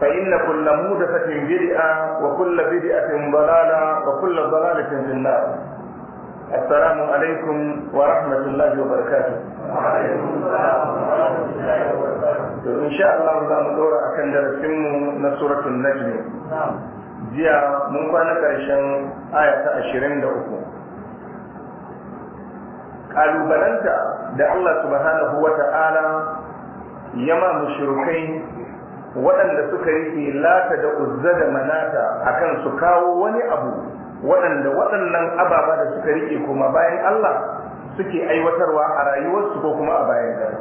فإن كل مودثة بدعة وكل بدعة ضلالة وكل ضلالة في النار السلام عليكم ورحمة الله وبركاته إن شاء الله za mu ɗora a kan darasinmu na suratun najmi jiya mun kwana ƙarshen aya ta ashirin da uku ƙalubalanta da Allah subhanahu wa ta'ala yama mushrikai waɗanda suka yi filata da uzza da manata akan su kawo wani abu waɗanda waɗannan ababa da suka riƙe kuma bayan Allah suke aiwatarwa a rayuwarsu ko kuma a bayan gari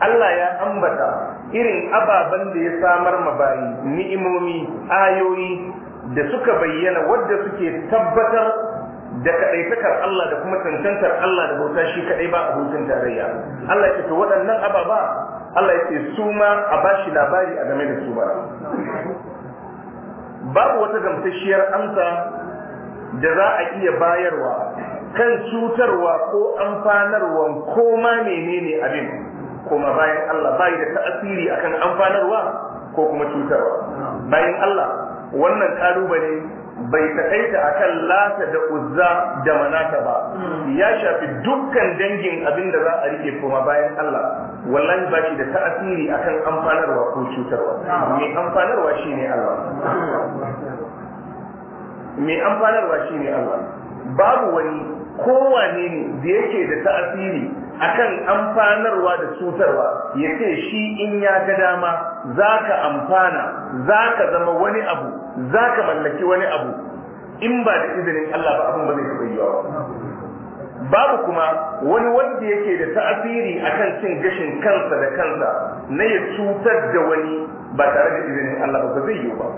Allah ya ambata irin ababan da ya samar ma bayi ni'imomi ayoyi da suka bayyana wadda suke tabbatar da kaɗaitakar Allah da kuma cancantar Allah da bauta shi kaɗai ba abokin tarayya Allah ya ce waɗannan ababa Allah ya ce su ma a shi labari a game da su ba babu wata gamsasshiyar amsa da za a iya bayarwa kan cutarwa ko amfanarwa ko ma menene abin kuma bayan Allah bai da ta'asiri akan amfanarwa ko kuma cutarwa bayan Allah wannan kalubale bai taƙaita a kan lata da uzza da manata ba ya shafi dukkan dangin abin da za a rike kuma bayan Allah wallan ba shi da ta'asiri akan amfanarwa ko cutarwa mai amfanarwa shi ne Allah mai amfanarwa shi ne Allah babu wani kowane ne da yake da ta'asiri akan amfanarwa da cutarwa ya ce shi in ya ga dama za ka amfana za ka zama wani abu za ka mallaki wani abu in ba da izinin Allah ba abin ba zai taɓa yiwa babu kuma wani wanda yake da ta'asiri akan cin gashin kansa da kansa na ya cutar da wani ba tare da izinin Allah ba zai yiwu ba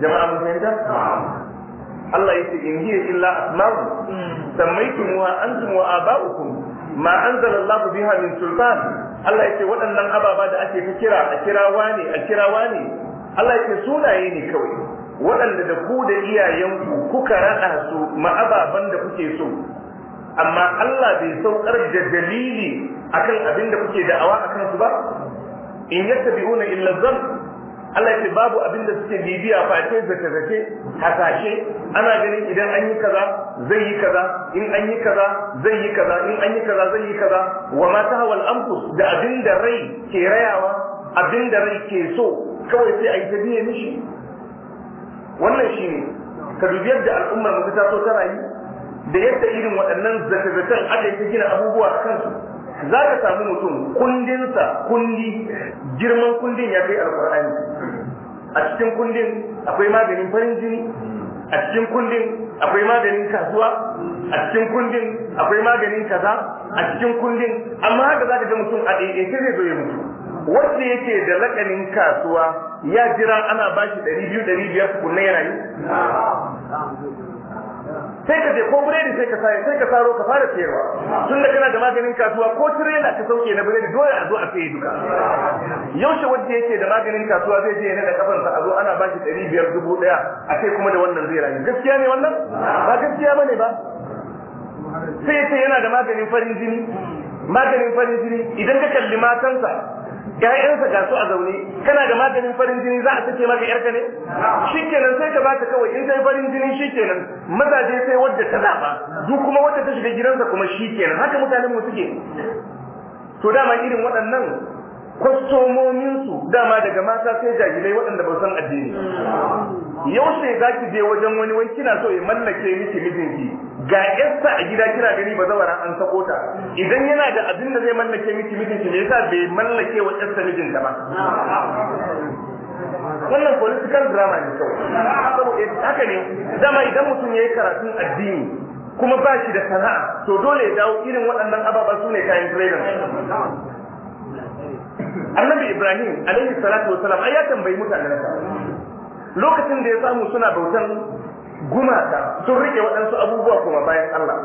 jama'a mun fahimta Allah yace in hiya illa asma'u mm. sammaytum wa antum wa aba'ukum ma anzalallahu biha min sultan Allah yake waɗannan ababa da ake kira a kira wani? a kira wani Allah yake sunaye ne kawai waɗanda da ku da iyayenku kuka raɗa su ma ababan da kuke so amma Allah bai saukar da dalili akan abin da kuke da'awa akan su ba in yattabi'una illa dhann Allah ce babu abin da suke bibiya face zace zace hasashe ana ganin idan an yi kaza zai yi kaza in an yi kaza zai yi kaza in an yi kaza zai yi kaza wa ma tahawal anfus da abin da rai ke rayawa abin da rai ke so kawai sai a yi ta biye mishi wannan shine ka dubi yadda al'ummar mu ta so ta rayu da yadda irin waɗannan zace-zacen aka yi gina abubuwa a kansu za ka samu mutum kundinsa kundi girman kundin ya kai alkur'ani a cikin kundin akwai maganin farin jini a cikin kundin akwai maganin kasuwa a cikin kundin akwai maganin kaza a cikin kundin amma haka za ka ga mutum a ɗaiɗaice zai zo ya mutu wanda yake da lakanin kasuwa ya jira ana bashi ɗari biyu ɗari biyar tukunna ya rayu sai ka je ko biredi sai ka sai sai ka saro ka fara sayarwa tun da kana da maganin kasuwa ko trailer ka sauke na biredi dole a zo a sai duka yaushe wanda yake da maganin kasuwa zai je ne da sa a zo ana baki ɗari biyar dubu ɗaya a kai kuma da wannan zai rayu gaskiya ne wannan ba gaskiya ba ne ba sai sai yana da maganin farin jini maganin farin jini idan ka kalli matansa Ya'yansa ga su a zaune kana da maganin farin jini za a sake maka ƴarka ne shikenan sai ka bata kawai in sai farin jini shikenan mazaje sai wadda ta zaba duk kuma wadda ta shiga gidansa kuma shikenan haka mutanen mu suke to dama irin waɗannan kwastomominsu dama daga mata sai jahilai waɗanda ba san addini sai za ki je wajen wani wai kina so ya mallake miki mijinki ga yarsa a gida kira gani ba zawara an sako ta idan yana da abin da zai mallake miki mijin ki ne yasa bai mallake wa yarsa mijin ta ba wannan political drama ne kawai saboda haka ne zama idan mutum yayi karatun addini kuma ba shi da sana'a to dole ya dawo irin waɗannan ababa su ne kayan trader annabi ibrahim alaihi salatu wasalam ai ya tambayi mutanen lokacin da ya samu suna bautan gumaka sun rike waɗansu abubuwa kuma bayan Allah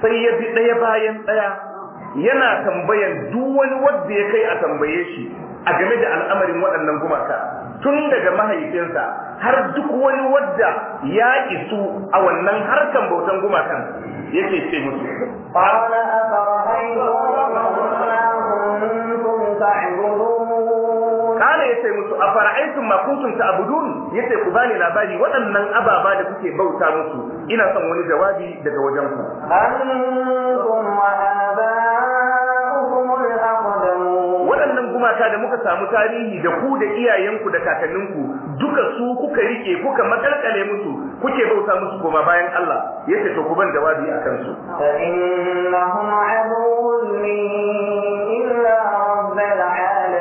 sai ya bi ɗaya bayan ɗaya yana tambayan duk wani wanda ya kai a tambaye shi a game da al'amarin waɗannan gumaka tun daga mahaifinsa har duk wani wadda ya isu a wannan harkan bautan gumakan yake ce musu قال أفرأيتم ما كنتم تعبدون kana yace musu afara'aytum ma kuntum ta'budun yace ku bani labari waɗannan ababa da kuke bauta musu ina son wani jawabi daga wajen ku antum wa waɗannan gumaka da muka samu tarihi da ku da iyayenku da kakanninku duka su kuka rike kuka makalkale musu kuke bauta musu goma bayan Allah yace to ku ban jawabi akan su fa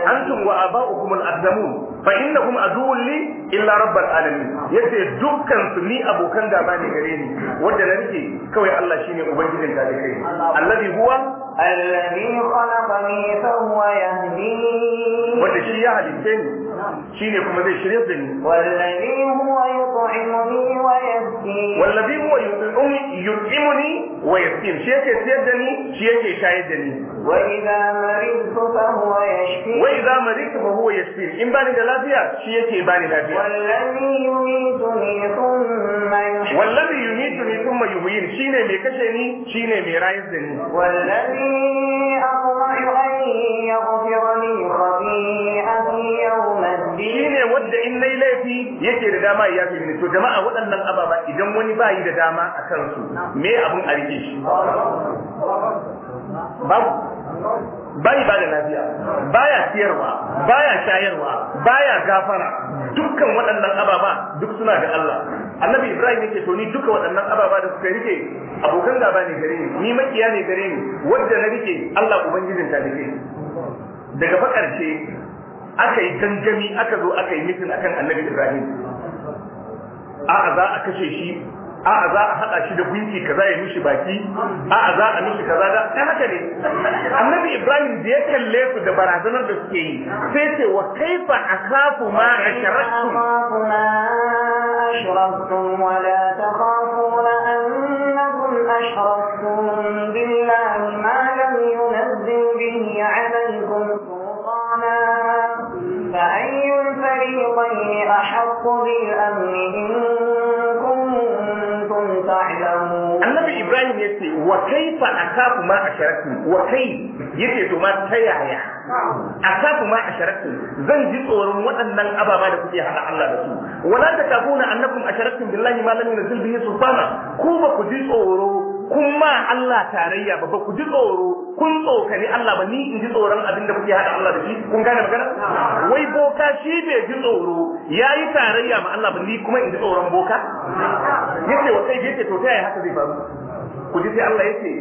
antum wa aba'ukum al-aqdamun fa innahum aduwwun li illa rabbil alamin yace dukkan su ni abokan gaba ne gare ni wanda na rike kawai Allah shine ubangijin talibai allazi huwa الذي Wanda shi ya وتشيع ni. shine kuma zai shirye da ni wallazi huwa yut'imuni wa yasqini wallazi huwa yut'imuni yut'imuni wa yasqini shi yake ciyar da ni shi yake shayar da ni wa idza maridtu fa huwa yashfi wa idza maridtu fa huwa yashfi in bani da lafiya shi yake bani lafiya wallazi yumituni thumma yuhyi wallazi yumituni thumma yuhyi shine mai kashe ni shine mai rayar da ni wallazi aqra'u an yaghfira li khati'ati lai laifi yake da dama ya fi to jama'a waɗannan ababa idan wani ba yi da dama a kansu me abun a rike shi babu bai ba da lafiya baya siyarwa baya shayarwa baya gafara dukkan waɗannan ababa duk suna da Allah annabi ibrahim yake to ni duka waɗannan ababa da suka rike abokan gaba ne gare ni ni makiya ne gare ni wanda na rike Allah ubangijin ta rike daga fa aka yi gangami aka zo aka yi mitin akan annabi ibrahim a'a za a kashe shi a'a za a haɗa shi da gunki kaza ya mishi baki a'a za a mishi kaza da ta haka ne annabi ibrahim da ya kalle su da barazanar da suke yi sai ce wa kaifa akafu ma asharaktum أشركتم ولا تخافون أنكم أشركتم بالله ما لم ينزل به عليكم سلطانا فأي الفريقين أحق بالأمن كنتم تعلمون النبي إبراهيم يقول وكيف أخاف ما أشركتم وكيف يقول ما تيايا نعم. أخاف ما أشركتم زن جد أورم وأن أبا ما لكم هذا الله رسول ولا تكافون أنكم أشركتم بالله ما لم ينزل به سلطانا كوبا كجد أورم kuma Allah tarayya ba ba ku ji tsoro kun tsokani Allah ba ni in ji tsoron abin da kuke hada Allah da shi kun gane magana wai boka shi bai ji tsoro yayi tarayya ma Allah ba ni kuma in ji tsoron boka yace wa sai yace to ta yaya haka zai faru ku ji sai Allah yace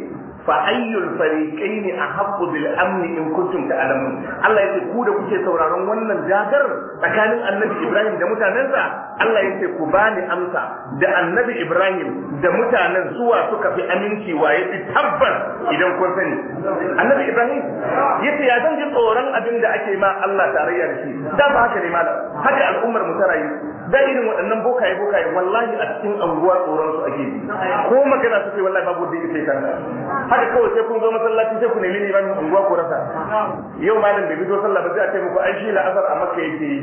فأي الفريقين أحب in إن كنتم تعلمون الله ku da kuke sauraron wannan jagar tsakanin Annabi Ibrahim da mutanensa Allah yace ku bani amsa da Annabi Ibrahim da mutanen suwa suka fi aminci wa yafi tabbar idan kun sani Annabi Ibrahim yace ya zan tsoron abin da ake ma Allah tarayya da shi da ba haka ne malam haka al'ummar mu ta rayu da irin waɗannan bokaye bokaye wallahi a cikin anguwa tsoron su ake yi ko magana suke wallahi babu da yake kan haka kawai sai kun zo masallaci sai ku nemi ne ban anguwa ko rasa yau malam bai zo sallah ba sai a ce muku an shi asar a makka yake yi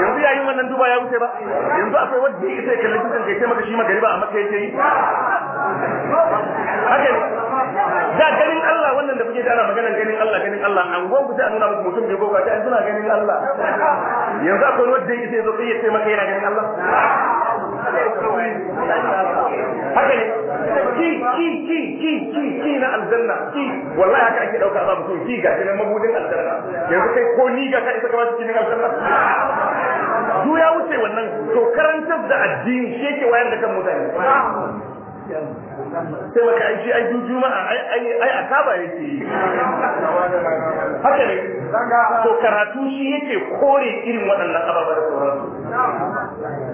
yanzu yayi wannan duba ya wuce ba yanzu akwai wanda yake sai kallon kisan kai maka shi magariba a makka yake yi haka da ganin Allah wannan da kuke ji ana ganin Allah ganin Allah an gon ku sai a nuna muku mutum bai boka sai suna ganin Allah yanzu akwai wanda yake sai zo ya ce maka yana ganin Allah haka ne ki ki ki ki ki ki na aljanna ki wallahi haka ake dauka za mutum ki ga ne mabudin aljanna yanzu kai ko ni ga kai saka wasu cikin aljanna du ya wuce wannan to karantar da addini shi ke wayar da kan mutane sai maka aiki aikin juma'a ai ai a kaba yake yi haka ne to karatu shi yake kore irin waɗannan ababa da sauransu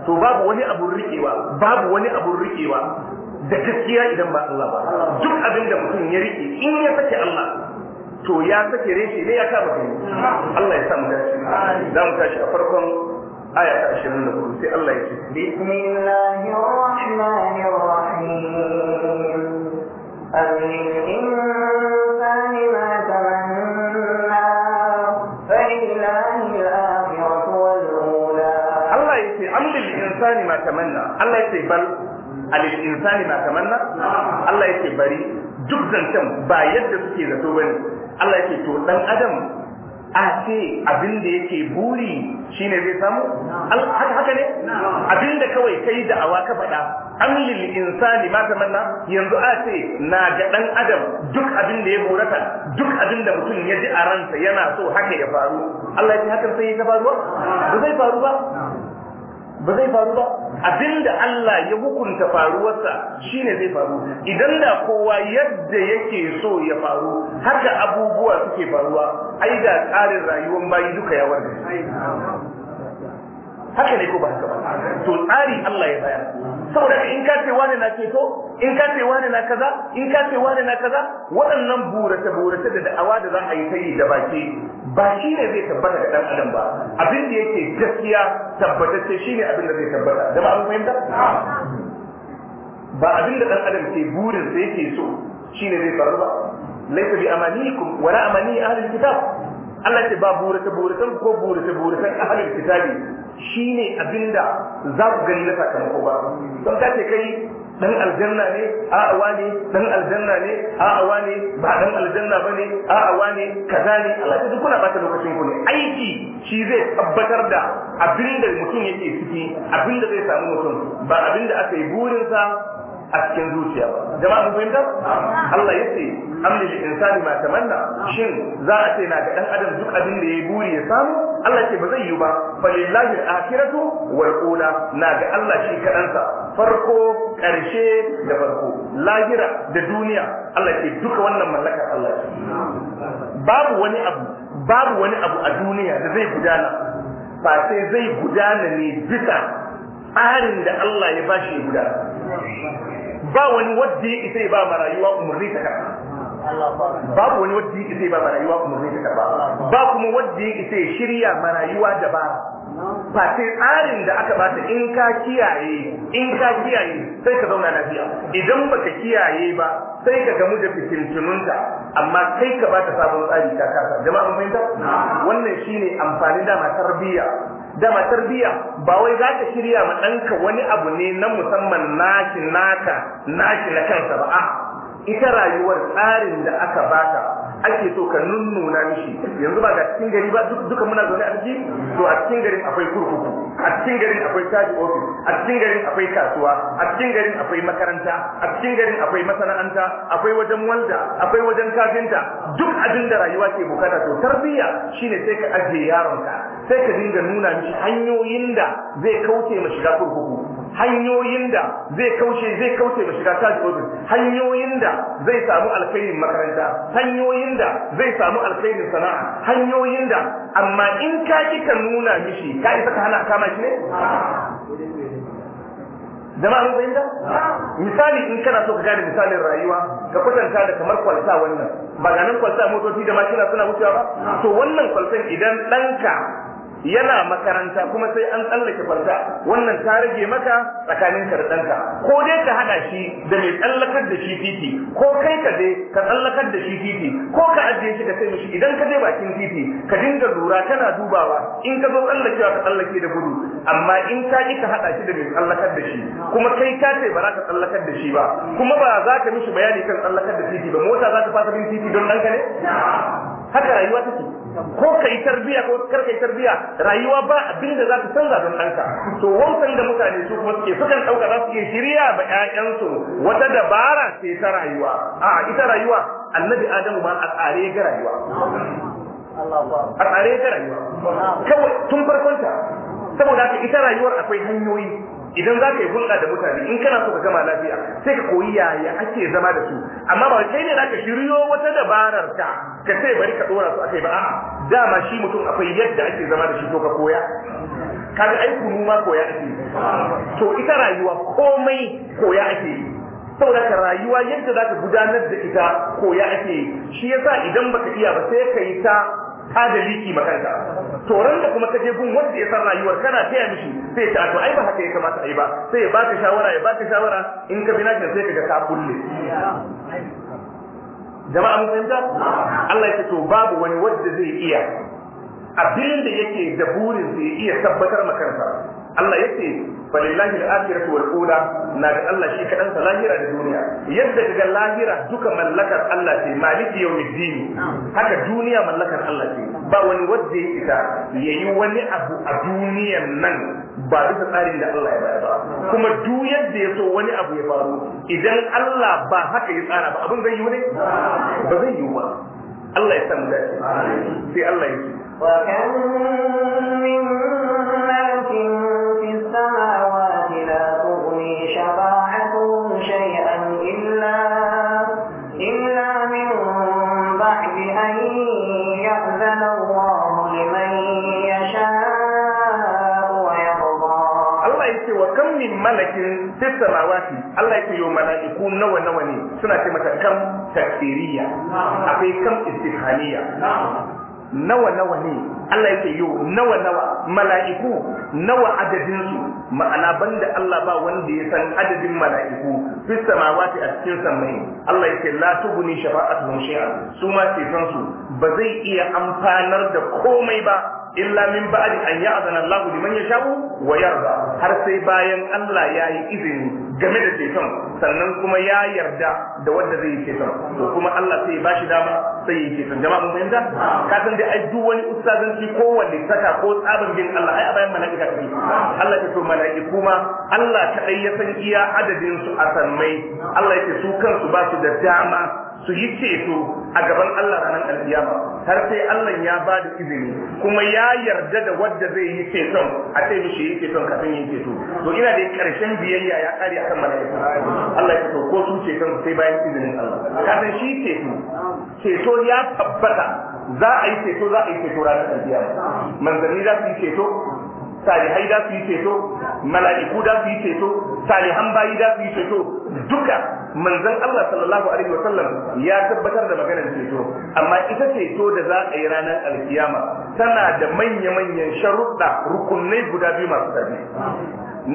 to babu wani abun riƙewa babu wani abun riƙewa da gaskiya idan ba Allah ba duk abin da mutum ya riƙe in ya sake Allah to ya sake reshe ne ya kama kai Allah ya samu dace za mu tashi a farkon aya ta 24 sai Allah ya ce bismillahir rahmanir rahim am lil insani ma tamanna Allah ya insani ma tamanna Allah ya bal alil insani ma tamanna Allah ya bari duk zancen ba yadda suke zato bane Allah ya to dan adam a ce abin yake buri shine zai samu haka ne abin kawai ka yi da'awa ka faɗa an insani ma manna? yanzu a ce na ga ɗan adam duk abin ya burata duk abin mutum ya ji a ransa yana so haka ya faru Allah ya ce hakan sai ya faruwa ba zai faru ba ba zai faru ba abinda Allah ya hukunta faruwarsa shine zai faru idan da kowa yadda yake so ya faru haka abubuwa suke faruwa ai da tsarin rayuwar bayi duka ya warga haka ne ko ba haka ba to tsari Allah ya bayar saboda in ka ce wani na ceto in ka ce wani na kaza in ka ce wani na kaza waɗannan burace burace da da'awa da za a yi ta yi da baki ba shi ne zai tabbata ga ɗan adam ba abin da yake gaskiya tabbatacce shi ne abin da zai tabbata da ba an fahimta ba abin da ɗan adam ke burin sa yake so shi ne zai faru ba laisa bi amanikum wala amani ahlul kitab Allah ya ce ba burace burace ko burace burace ahlul kitabi shi ne abinda za ku gani na sakamako ba don ta ce kai dan aljanna ne a awa ne dan aljanna ne a awa ne ba dan aljanna ba ne a awa ne kaza ne Allah ya duk kuna bata lokacin ku ne aiki shi zai tabbatar da abinda mutum yake ciki abinda zai samu mutum ba abinda aka yi burinsa a cikin zuciya ba jama'a mun fahimta Allah ya ce amli lil insani ma tamanna shin za a ce na ga dan adam duk abin da yayi buri ya samu Allah ce ba zai yi ba falillahi akhiratu wal ula na ga Allah shi kadansa farko karshe da farko lahira da duniya Allah ce duka wannan mallakar Allah ce babu wani abu babu wani abu a duniya da zai gudana ba sai zai gudana ne bisa tsarin da Allah ya bashi ya gudana ba wani wadda ya isa ya ba ma rayuwa umarni ta karɓa babu wani wadda yake sai ba marayuwa kuma zai fita ba ba kuma wadda yake sai shirya marayuwa da ba ba sai tsarin da aka ba ta in ka kiyaye in ka kiyaye sai ka zauna lafiya idan baka kiyaye ba sai ka gamu da fitintununta amma kai ka ba ta sabon tsari ta kasa jama'a mun fahimta wannan shine amfani da tarbiyya dama tarbiyya ba wai za ka shirya ma ɗanka wani abu ne na musamman naki naka naki na kansa ba a'a ita rayuwar tsarin da aka baka ake so ka nunnuna mishi yanzu ba ga cikin gari ba duka muna zaune a ciki to a cikin garin akwai kurkuku a cikin garin akwai caji ofis a cikin garin akwai kasuwa a cikin garin akwai makaranta a cikin garin akwai masana'anta akwai wajen walda akwai wajen kafinta duk abin da rayuwa ke bukata to tarbiyya shine sai ka ajiye yaronka sai ka dinga nuna mishi hanyoyin da zai kauce ma shiga kurkuku hanyoyin da zai kauce zai kauce ga shiga taji ofis hanyoyin da zai samu alkhairin makaranta hanyoyin da zai samu alkhairin sana'a hanyoyin da amma in ka ki ka nuna mishi ka isa ka hana kama shi ne jama'a mun da? misali in kana so ka gane misalin rayuwa ka kwatanta da kamar kwalta wannan ba ganin kwalta motoci da mashina suna wucewa ba to wannan kwaltan idan danka. yana makaranta kuma sai an tsallake farda wannan ta rage maka tsakanin danka. ko dai ka haɗa shi da mai tsallakar da shi titi ko kai ka je ka tsallakar da shi titi ko ka ajiye shi ka sai mishi idan ka je bakin titi ka dinga lura kana dubawa in ka zo tsallakewa ka tsallake da gudu amma in ka ki ka haɗa shi da mai tsallakar da shi kuma kai ka ce ba za ka tsallakar da shi ba kuma ba za ka mishi bayani kan tsallakar da titi ba mota za ta fasa bin titi don ɗanka ne haka rayuwa take ko yi tarbiya ko kar yi tarbiya rayuwa ba abin da za ta canza don ɗanka to wancan da mutane su kuma suke sukan ɗauka za su iya shirya ba ƴaƴansu wata dabara ce ta rayuwa a ita rayuwa annabi adamu ma a tsare ga rayuwa a tsare ga rayuwa kawai tun farkonta saboda ita rayuwar akwai hanyoyi idan za ka yi hulɗa da mutane in kana so ka gama lafiya sai ka koyi yaya ake zama da su amma ba kai ne zaka shiryo wata dabarar ka ka sai bari ka dora su akai ba a'a dama shi mutum akwai yadda ake zama da shi to ka koya kaga ai kunu ma koya ake to ita rayuwa komai koya ake saboda ka rayuwa yadda zaka gudanar da ita koya ake shi yasa idan baka iya ba sai ka yi ta ta da liki to ran da kuma kaje gun wanda ya san rayuwar kana taya mishi sai ta to ai ba haka ya kamata ai ba sai ya ba ta shawara ya ba ta shawara in ka bi na sai ka ga ka kulle jama'a mun fahimta Allah ya to babu wani wanda zai iya abin da yake da burin zai iya tabbatar ma kansa Allah yake falillahi al-akhiratu wal ula na ga Allah shi kadan sa lahira da duniya yadda daga lahira duka mallakar Allah ce maliki yawmiddin haka duniya mallakar Allah ce ba wani wanda ya ita yayi wani abu a duniyar nan ba bisa tsarin da Allah ya bayar ba kuma duk yadda ya so wani abu ya faru idan Allah ba haka ya tsara ba abin zai yi ne ba zai yi ba Allah ya san da sai Allah ya ce wa kan min duk samawati Allah yake yi mala'iku nawa nawa ne suna ce mata kam takfiriya akwai kam istihaniya nawa nawa ne Allah yake yi nawa nawa mala'iku nawa adadin su ma'ana banda Allah ba wanda ya san adadin mala'iku fi samawati a cikin sammai Allah yake la tubuni shafa'atuhum shay'an su ma ce san su ba zai iya amfanar da komai ba illa min ba'di an ya'zana Allah liman yasha'u wa yarda har sai bayan Allah ya yi izini game da ceton sannan kuma ya yarda da wanda zai yi ceton to kuma Allah sai ya bashi dama sai ya yi ceton jama'a mun fahimta ka san dai ai duk wani ustazanci ko wanda saka ko tsabin bin Allah ai a bayan mala'ika kai Allah ya to mala'iku kuma Allah kadai ya san iya adadin su a sammai Allah ya ce su kansu ba su da dama su yi ceto a gaban Allah ranar alkiyama har sai Allah ya ba da izini kuma ya yarda da wadda zai yi ceton a sai mishi yi ceton kafin yin ceto to ina da karshen biyayya ya kare akan malaika Allah ya ko su ceton sai bayan izinin Allah kafin shi ceto ceto ya tabbata za a yi ceto za a yi ceto ranar alkiyama manzanni za su yi ceto salihai za su yi ceto mala'iku da su yi ceto salihan bayi da su yi ceto duka manzon Allah sallallahu alaihi wasallam ya tabbatar da maganar ceto amma ita ceto da za a yi ranar alkiyama tana da manya-manyan sharuɗa rukunai guda biyu masu tafi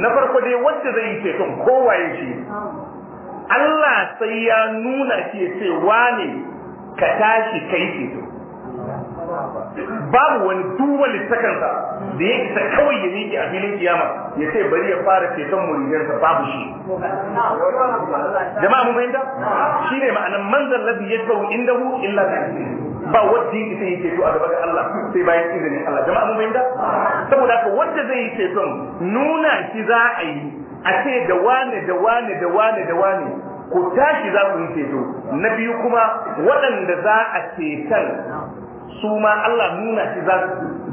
na farko dai wacce zai yi ceton kowaye shi Allah sai ya nuna shi ya ce wane ka tashi kai ceto babu wani duba littakansa da ya isa kawai ya miƙe a filin kiyama ya ce bari ya fara ceton muridansa babu shi jama'a mun fahimta shi ne ma'anar manzan labi ya tsawo inda hu illa ta ba wadda yake sai yake ceto a gaba ga Allah sai bayan izinin Allah jama'a mun fahimta saboda haka wanda zai yi ceton nuna shi za a yi a ce da wane da wane da wane da wane ku tashi za ku yi ceto na biyu kuma waɗanda za a ceton su ma Allah nuna shi za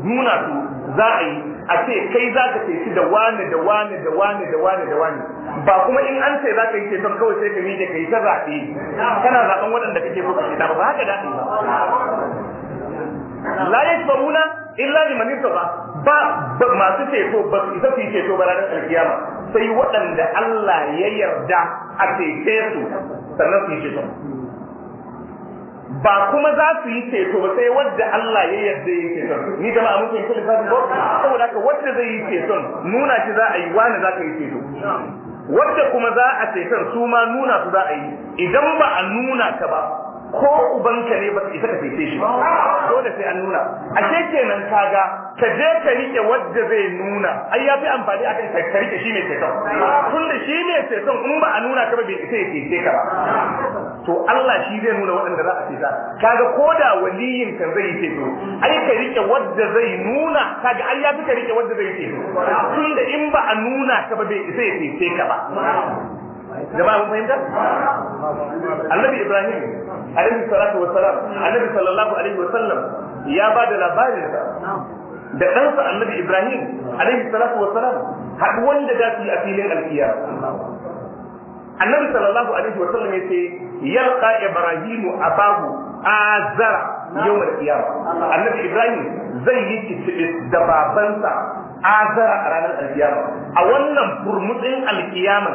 nuna su za a yi a ce kai za ka ce da wani da wani da wani da wani da wani ba kuma in an ce za ka yi ceton kawai sai ka yi ka yi ta zaɓe kana zaɓen waɗanda kake so ka ceta ba haka daɗi ba la yasbuna illa liman yasba ba ba masu ceto ba su isa su ceto ba ranar alkiyama sai waɗanda Allah ya yarda a ceto su sannan su yi ceton ba kuma za su yi ceto ba sai wadda Allah ya yarda yi ceton ni da ba muke yin kullu fadin ba saboda ka wadda zai yi ceton nuna shi za a yi wani za ka yi ceto wadda kuma za a ceton su ma nuna su za a yi idan ba a nuna ka ba ko ubanka ne ba su isa ka ceto shi dole sai an nuna ashe kenan kaga ka je ka rike wadda zai nuna ai ya fi amfani akan ka ka rike shi mai ceton tunda shi ne ceton in ba a nuna ka ba bai isa ya cece ka ba to Allah shi zai nuna waɗanda za a fita kaga koda waliyin kan zai yi ceto ai ka rike wanda zai nuna kaga ai ya fi ka rike wanda zai yi ceto tunda in ba a nuna ka ba bai sai ya cece ka ba jama'a mun fahimta annabi ibrahim alaihi salatu wassalam annabi sallallahu alaihi wasallam ya ba da labarin da ɗansa annabi ibrahim alaihi salatu wassalam haɗuwan da za su yi a filin alkiyar annabi sallallahu alaihi wasallam ya ce yalqa ibrahimu abahu azara yawm al-qiyama annabi ibrahim zai yi kitibi da babansa azara a ranar al-qiyama a wannan furmutsin al-qiyama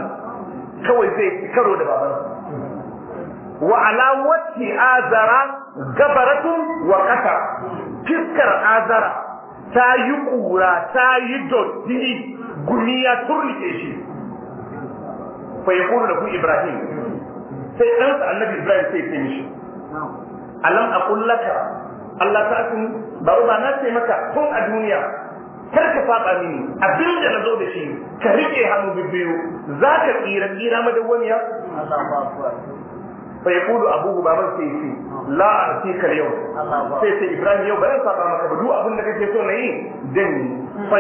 kawai zai karo da babansa wa ala azara gabaratun wa qasara fiskar azara ta yi kura ta yi dotti gumi ya turnike shi fa yaqulu lahu ibrahim sai ɗansa annabi ibrahim sai ya mishi alam a kullaka, Allah ta kun baro ba na ce maka tun a duniya kar ka saba mini abin da na zo da shi ka rike hannu bibbiyu za ka tsira tsira madawwamiya sai kudu baban sai ce la arsikal yau sai sai ibrahim yau bayan saba maka ba duk abin da kake so na yi dan fa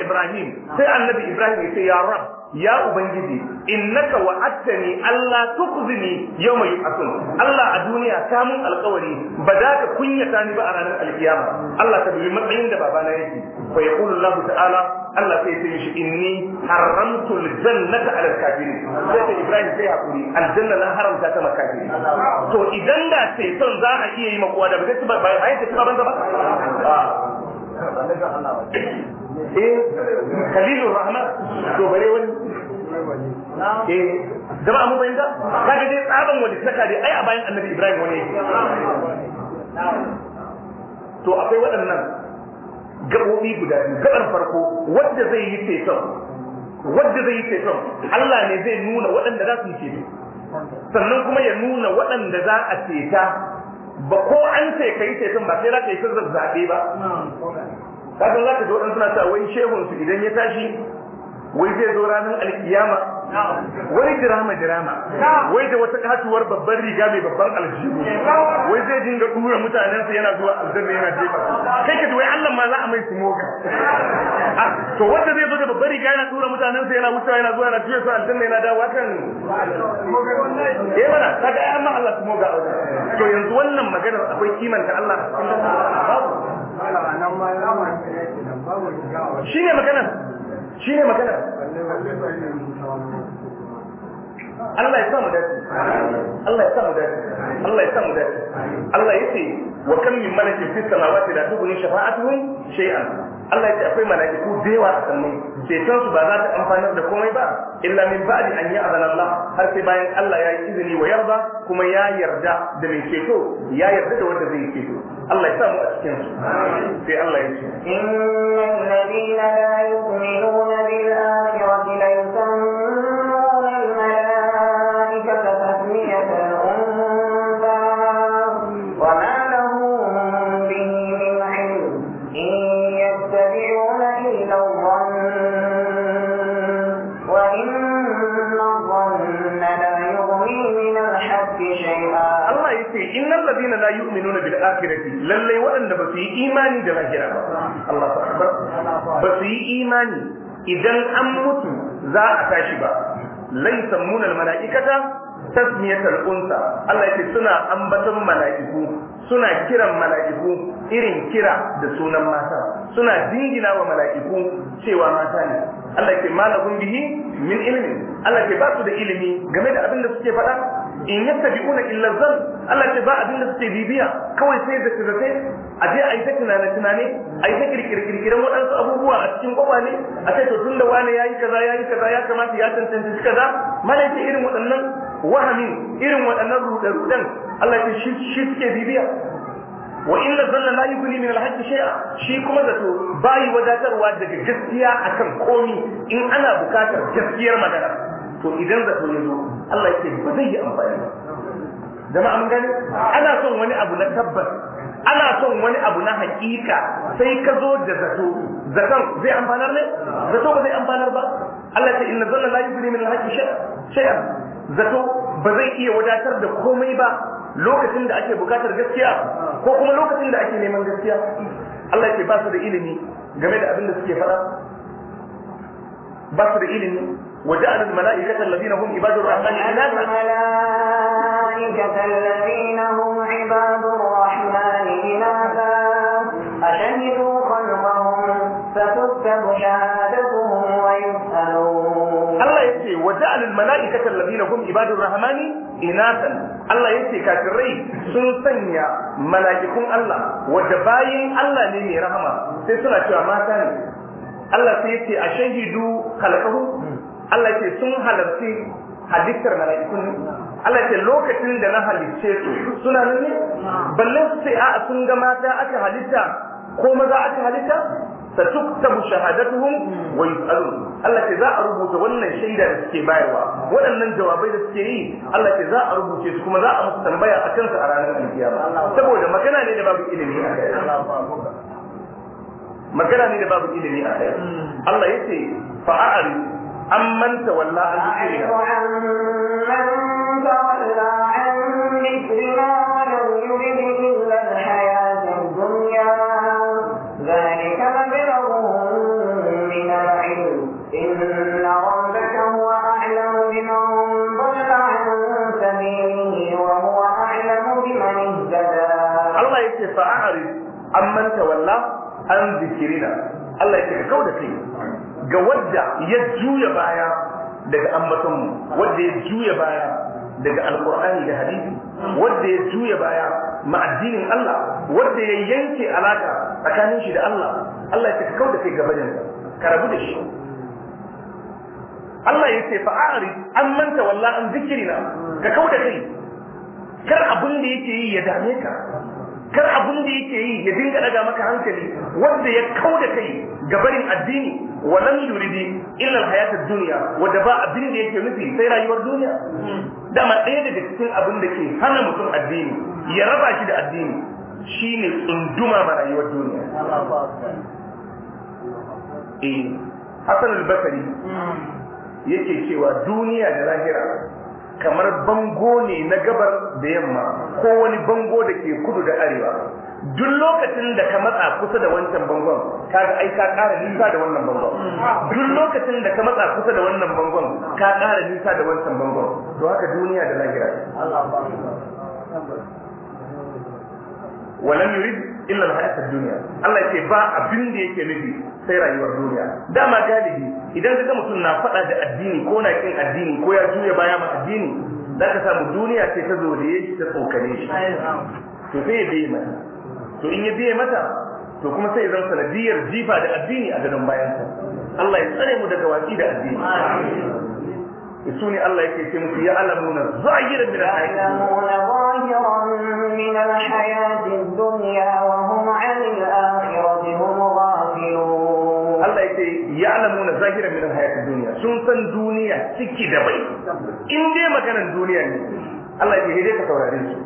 ibrahim sai annabi ibrahim ya ce ya rab ya ubangiji innaka wa'adtani Allah tukhzini yawma yub'athun Allah a duniya ta mun alƙawari ba za ka kunyata ni ba a ranar alkiyama Allah ta dubi matsayin da babana yake fa yaqulu Allah ta'ala Allah sai ya shi inni haramtu aljannata ala alkafirin sai ta Ibrahim sai hakuri aljanna na haramta ta makafiri to idan da sai son za a iya yi makuwa da ba ba ba ta ci ba ba eh khalilur rahman to bare wani eh jama'a mun bayyana kaga dai tsaban wani saka dai ai a bayan annabi ibrahim wani to akwai waɗannan gabobi guda biyu gabar farko wanda zai yi ceton wanda zai yi ceton Allah ne zai nuna waɗanda za su yi ceto sannan kuma ya nuna waɗanda za a ceta ba ko an ce kai ceton ba sai za ka yi zaɓe ba kaga za ka zo suna sa wai shehun su idan ya tashi wai zai zo ranar alkiyama wai dirama dirama wai da wata katuwar babban riga mai babban aljihu wai zai dinga mutanen su yana zuwa aljanna yana jefa kai ka wai Allah ma za a mai su moga ah, to wanda zai zo da babban riga yana tura su yana wucewa yana zuwa yana jiya su aljanna yana dawo kan eh mana kaga ai amma Allah su moga to yanzu wannan maganar akwai kimanta Allah shi ne magana shi ne magana Allah ya sa mu dace Allah ya sa mu dace Allah ya sa mu dace Allah yace wa kam min malakin fis samawati la tughni shafa'atuhum shay'an Allah ya ce akwai mala'iku da yawa a sannan ceton su ba za ta amfanar da komai ba illa min ba'di an yi azan Allah har sai bayan Allah ya yi izini wa yarda kuma ya yarda da mai ceto ya yarda da wanda zai ceto Allah ya sa mu a cikin su sai Allah ya ce innal ladina la yu'minuna bil akhirati la yusamma la yu'minuna bil akhirati Lallai waɗanda ba su yi imani da lahira ba Allah akbar ba su yi imani idan an mutu za a tashi ba laysa munal malaikata tasmiyatul unsa Allah yake suna ambaton mala'iku suna kiran mala'iku irin kira da sunan mata suna dingina wa mala'iku cewa mata ne Allah yake malahum bihi min ilmin Allah yake ba su da ilimi game da abin da suke faɗa in yattabi'una illa zan Allah ce ba abin da suke bibiya kawai sai da tuzate a je a yi ta tunane tunane a yi ta kirkirkiran waɗansu abubuwa a cikin kwakwale a ce to tunda wani ya yi kaza ya yi kaza ya kamata ya tantance kaza malaita irin waɗannan wahamin irin waɗannan ruɗe-ruɗen Allah ce shi suke bibiya wa inna zanna la yughni min al-haqqi shay'a shi kuma zato bai wadatarwa daga gaskiya akan komi in ana bukatar gaskiyar magana to idan zato ya zo Allah ya ce ba zai yi amfani ba jama'a mun gani ana son wani abu na tabbas ana son wani abu na hakika sai ka zo da zato zaton zai amfanar ne zato ba zai amfanar ba Allah ya ce inna zanna la yubni min al-haqqi shay'a zato ba zai iya wadatar da komai ba lokacin da ake bukatar gaskiya ko kuma lokacin da ake neman gaskiya Allah ya ce ba su da ilimi game da abin da suke faɗa ba su da ilimi وجعل الملائكة الذين هم عباد الرحمن إناثا الملائكة الذين هم عباد الرحمن إناثا أشهدوا خلقهم فتكتب شهادتهم ويسألون الله يسي وجعل الملائكة الذين هم عباد الرحمن إناثا Allah ya ce kafirai sun sanya mala'ikun Allah wadda bayin Allah ne mai rahama sai suna cewa mata ne Allah sai ya ce a shahidu khalqahu Allah ce sun halarci halittar mala'ikun Allah ce lokacin da na halicce su suna nan ne balle su ce a sun ga mata aka halitta ko maza aka halitta ta satuktabu shahadatuhum wa yus'alun Allah ce za a rubuta wannan shaida da suke bayarwa waɗannan jawabai da suke yi Allah ce za a rubuce su kuma za a musu tambaya a kansu a ranar alkiyama saboda magana ne da babu ilimi a kai magana ne da babu ilimi a kai Allah yace fa'ari أمن تولى عن ذكرنا أمن تولى عن ذكرنا ولم يرد إلا الحياة الدنيا ذلك من العلم إن ربك هو أعلم بمن ضل عن سبيله وهو أعلم بمن اهتدى الله يتفاعل أمن تولى عن ذكرنا الله يتفاعل كودك ga wadda ya juya baya daga ambatonmu wadda ya juya baya daga alkur'ani da hadisi wadda ya juya baya ma addinin Allah wadda ya yanke alaka tsakanin shi da Allah Allah ya kawo da kai gabanin ka rabu da shi Allah ya ce fa'ari an manta walla an zikirina ka kawo da kai kar abin da yake yi ya dame ka kar abin da yake yi ya dinga daga maka hankali wanda ya kau da kai ga barin addini walam yuridi illa hayatad dunya wanda ba abin da yake nufi sai rayuwar duniya dama ɗaya daga cikin abin da ke hana mutum addini ya raba shi da addini shine tsunduma ma rayuwar duniya eh Hassan al-Basri hmm. yake cewa duniya da lahira kamar bango ne na gabar da yamma ko wani bango da ke kudu da arewa duk lokacin da ka matsa kusa da wancan bangon kaga ai ka ƙara nisa da wannan bangon duk lokacin da ka matsa kusa da wannan bangon ka ƙara nisa da wancan bangon to haka duniya da lahira walam yurid illa al-hayat ad-dunya Allah yake ba abin da yake nufi sai rayuwar duniya dama galibi idan ka kaga mutum na faɗa da addini ko na kin addini ko ya juya baya ma addini za ka samu duniya ce ta zolaye shi ta tsokane shi to sai ya biye mata to in ya biye mata to kuma sai ya zama sanadiyar jifa da addini a gadon sa. Allah ya tsare mu daga watsi da addini su ne Allah yake ce musu ya alamuna zahiran min al-hayati Allah yake ya'lamuna na min minan hayati duniya sun san duniya ciki da bai in dai maganar duniya ne Allah ya hede ka saurare su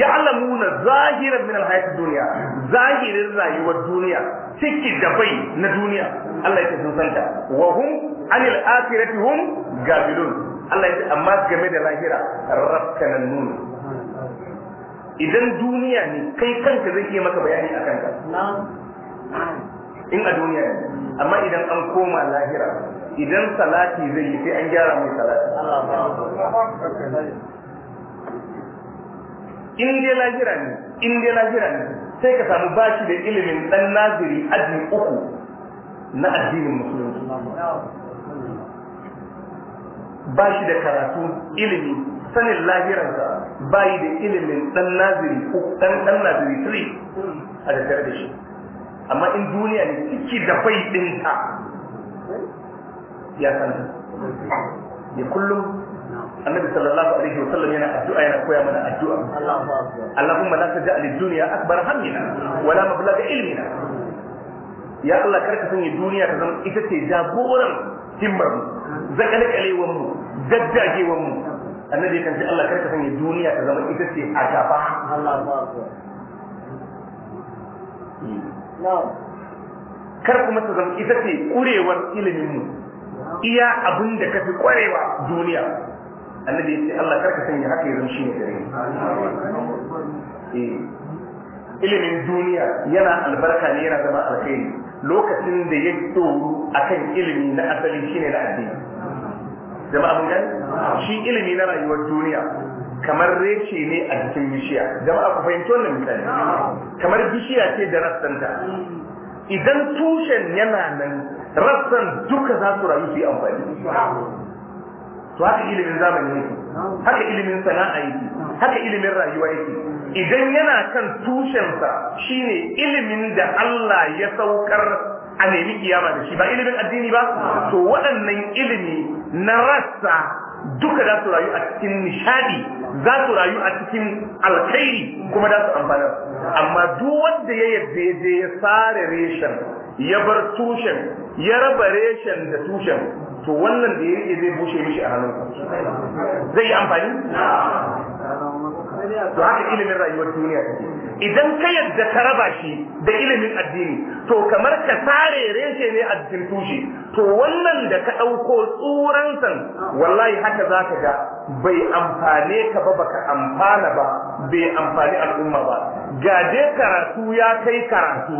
ya'lamuna na min minan hayati duniya, zahirin rayuwar duniya ciki da bai na duniya Allah ya sun san ta wa hum anil akhirati hum gabilun Allah ya amma game da lahira rakkanan nun idan duniya ne kai kanka zai yi maka bayani akan ka in a duniya ne amma idan an koma lahira idan salati zai yi sai an gyara mai salati in dai lahira ne in dai lahira ne sai ka samu bashi da ilimin dan naziri ajin uku na addinin musulunci ba shi da karatu ilimi sanin lahiransa bayi da ilimin dan naziri dan dan naziri 3 a da shi amma in duniya ne ciki da bai ɗinka ya san ya kullum annabi sallallahu alaihi wa sallam yana addu'a yana koya mana addu'a Allahumma la taj'al ad-dunya akbar hammina wa la mablagha ilmina ya Allah karka sanya duniya ta zama ita ce jagoran himmar mu zakalkalewan mu daddagewan mu annabi kan ce Allah karka sanya duniya ta zama ita ce a gaba Allahu akbar hmm. kar kuma ta zama ita ce kurewar iliminmu iya abin da ka fi kwarewa duniya annabi ya ce Allah karka sanya haka yanzu shi ne gare eh. ilimin duniya yana albarka ne yana zama alkhairi lokacin da ya tsoro akan ilimi na asali shine na addini jama'a mun gani shi ilimi na rayuwar duniya kamar reshe ne a jikin bishiya jama'a ku fahimci wannan misali kamar bishiya ce da rassanta idan tushen yana nan rassan duka za su rayu su yi amfani to haka ilimin zamani yake haka ilimin sana'a yake haka ilimin rayuwa yake idan yana kan tushensa shine ilimin da Allah ya saukar a nemi kiyama da shi ba ilimin addini ba to waɗannan ilimi na rassa duka za su rayu a cikin nishadi za su rayu a cikin alkhairi kuma za su amfana amma duk wanda ya yadda ya je ya sare reshen ya bar tushen ya raba reshen da tushen to wannan da ya zai bushe mishi a hannunsa zai yi amfani to haka ilimin rayuwar duniya take idan ka yadda ka raba shi da ilimin addini to kamar ka sare reshe ne a cikin tushe to wannan da ka ɗauko tsuran san wallahi haka za ka ga bai amfane ka ba baka amfana ba bai amfani al'umma ba gaje karatu ya kai karatu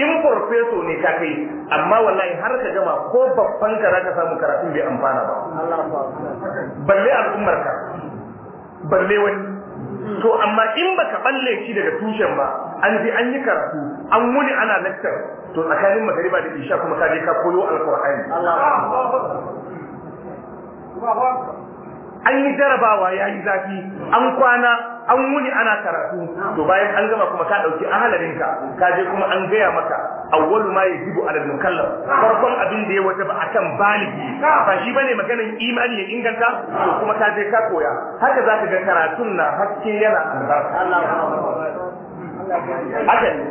in farfeso ne ka kai amma wallahi har ka gama ko babban ka za ka samu karatun bai amfana ba balle al'ummarka balle wani to amma in baka balle shi daga tushen ba an ji an yi karatu an wuni ana lakta to tsakanin magariba da isha kuma ka je ka koyo alqur'ani an yi jarabawa ya yi zafi an kwana an wuni ana karatu to bayan an gama kuma ka ɗauki ahalarinka ka je kuma an gaya maka awwalu ma yajibu ala al-mukallaf farkon abin da ya wajaba akan baligi ba shi bane maganar imani ya inganta to kuma ka je ka koya haka zaka ga karatun na haske yana albarka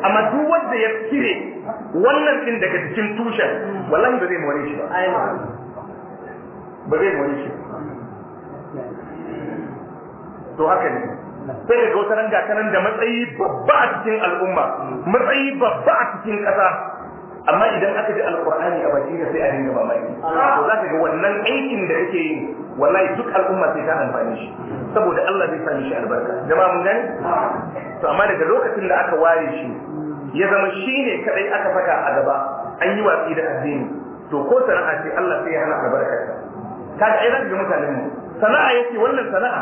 amma duk wanda ya cire wannan din daga cikin tushen wallahi ba zai wani shi ba ba zai wani shi to haka ne sai daga ga wata ranga ta nan da matsayi babba a cikin al'umma matsayi babba a cikin ƙasa amma idan aka ji alqur'ani a bakin sai a dinga mamaki to za ka ga wannan aikin da kake yi wallahi duk al'umma sai ta amfani shi saboda Allah zai sami shi albarka jama'a mun gani to amma daga lokacin da aka ware shi ya zama shi ne kadai aka saka a gaba an yi watsi da addini to ko sana'a ce Allah sai ya hana albarkarta kaga ai zaka ga mutanen mu sana'a yake wannan sana'a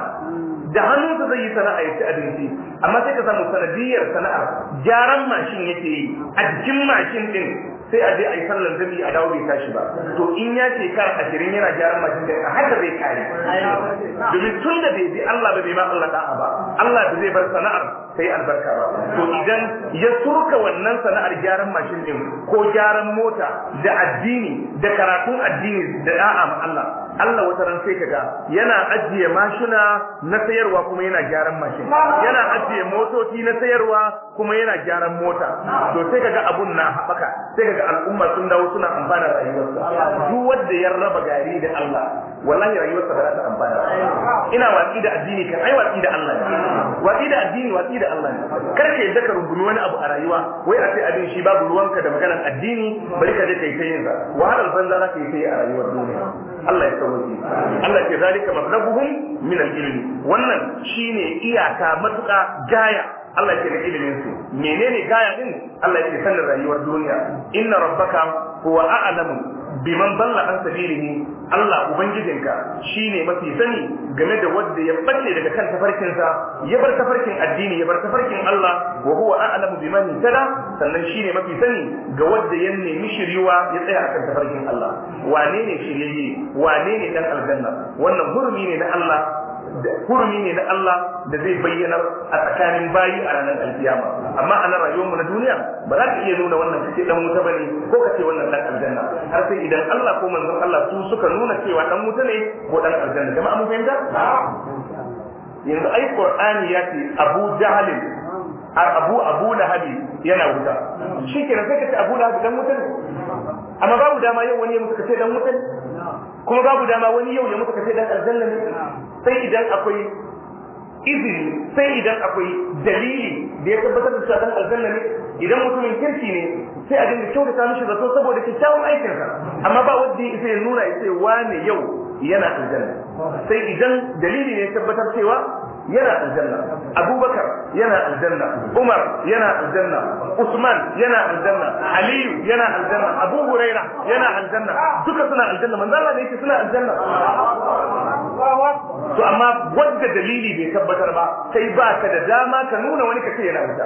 da hannunsa zai yi sana'a ya ci abinci amma sai ka samu sanadiyar sana'ar gyaran mashin yake yi a jikin mashin din sai a je a yi sallar zabi a dawo bai tashi ba to in ya shekara ashirin yana gyaran mashin da haka zai kare domin tun da bai bi Allah ba bai ma Allah da'a ba Allah da zai bar sana'ar sai albarka ba to idan ya turka wannan sana'ar gyaran mashin din ko gyaran mota da addini da karatun addini da da'a ma Allah Allah wata ran sai kaga yana ajiye mashina na sayarwa kuma yana gyaran mashin yana ajiye motoci na sayarwa kuma yana gyaran mota to sai kaga abun na haɓaka sai kaga al'umma sun dawo suna amfana rayuwarsa duk wanda ya raba gari da Allah wallahi rayuwarsa ba za ta amfana ina watsi da addini kan ai watsi da Allah ne watsi da addini watsi da Allah ne kar ka yadda ka rungumi wani abu a rayuwa wai a ce abin shi babu ruwanka da maganar addini bari ka je kai ta yin sa wahalar banza za ka yi ta yi a rayuwar duniya Allah ya sauke Allah ya zalika mablaguhum min al-ilmi wannan shine iyaka matuƙa gaya Allah ke da ilimin su menene gaya din Allah ke sanin rayuwar duniya inna rabbaka huwa a'lamu biman balla an ne Allah ubangijinka shine mafi sani game da wanda ya balle daga kan tafarkin sa ya bar tafarkin addini ya bar tafarkin Allah wa huwa a'lamu biman tada sannan shine mafi sani ga wanda ya nemi shiriwa ya tsaya akan tafarkin Allah wane ne shiriyayye wane ne dan aljanna wannan hurumi ne na Allah hurumi ne na Allah da zai bayyana a tsakanin bayi a ranar alkiyama amma a rayuwar mu na duniya ba za ka iya nuna wannan kace dan wuta bane ko kace wannan dan aljanna har sai idan Allah ko manzon Allah su suka nuna cewa dan wuta ne ko dan aljanna jama'a mun fahimta yanzu ai qur'ani ya ce abu ar abu abu lahabi yana wuta shi kenan sai kace ce abu lahabi dan wuta ne amma babu dama yau wani ya mutu ka ce dan wuta ne kuma babu dama wani yau ya mutu ka ce dan aljanna ne sai idan akwai izini sai idan akwai dalili da ya tabbatar da cewa dan aljanna ne idan mutumin kirki ne sai a dinga kyau da ta mishi zato saboda kyakkyawan aikinsa amma ba wanda ya ya nuna ya ce wane yau yana aljanna sai idan dalili ne tabbatar cewa yana aljanna abubakar yana aljanna umar yana aljanna usman yana aljanna aliyu yana aljanna abu huraira yana aljanna duka suna aljanna manzo Allah ne yake suna aljanna to amma wanda dalili bai tabbatar ba kai ba ka da dama ka nuna wani kace yana wuta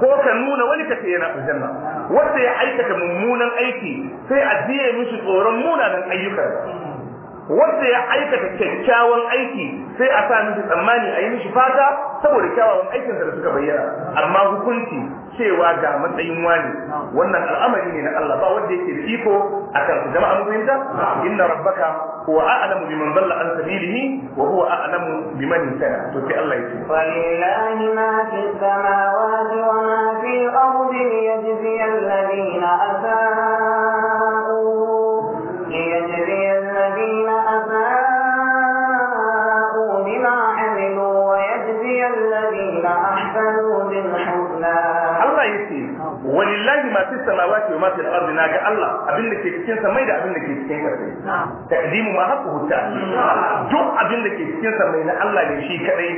ko ka nuna wani kace yana aljanna wanda ya aikata mummunan aiki sai a biye mishi tsoron munanan ayyukan wanda ya aikata kyakkyawan aiki sai a sa mishi tsammani a yi mishi fata saboda kyawawan aikinsa da suka bayyana amma hukunci cewa ga matsayin wani wannan al'amari ne na Allah ba wanda yake da iko akan su jama'a mun inna rabbaka huwa a'lamu biman dalla an sabilihi wa huwa a'lamu biman tana to sai Allah yake walillahi ma fi samawati wa ma fi ardi liyajzi alladhina asa'u liyajzi alladhina asa'u bima عملوا ويجزي الذين أحسنوا بالحسنى walillahi ma fi samawati wa ma fil ardi na ga Allah abin da ke cikin mai da abin da ke cikin ƙasa taqdimu ma haqqu hutta duk abin da ke cikin mai na Allah ne shi kadai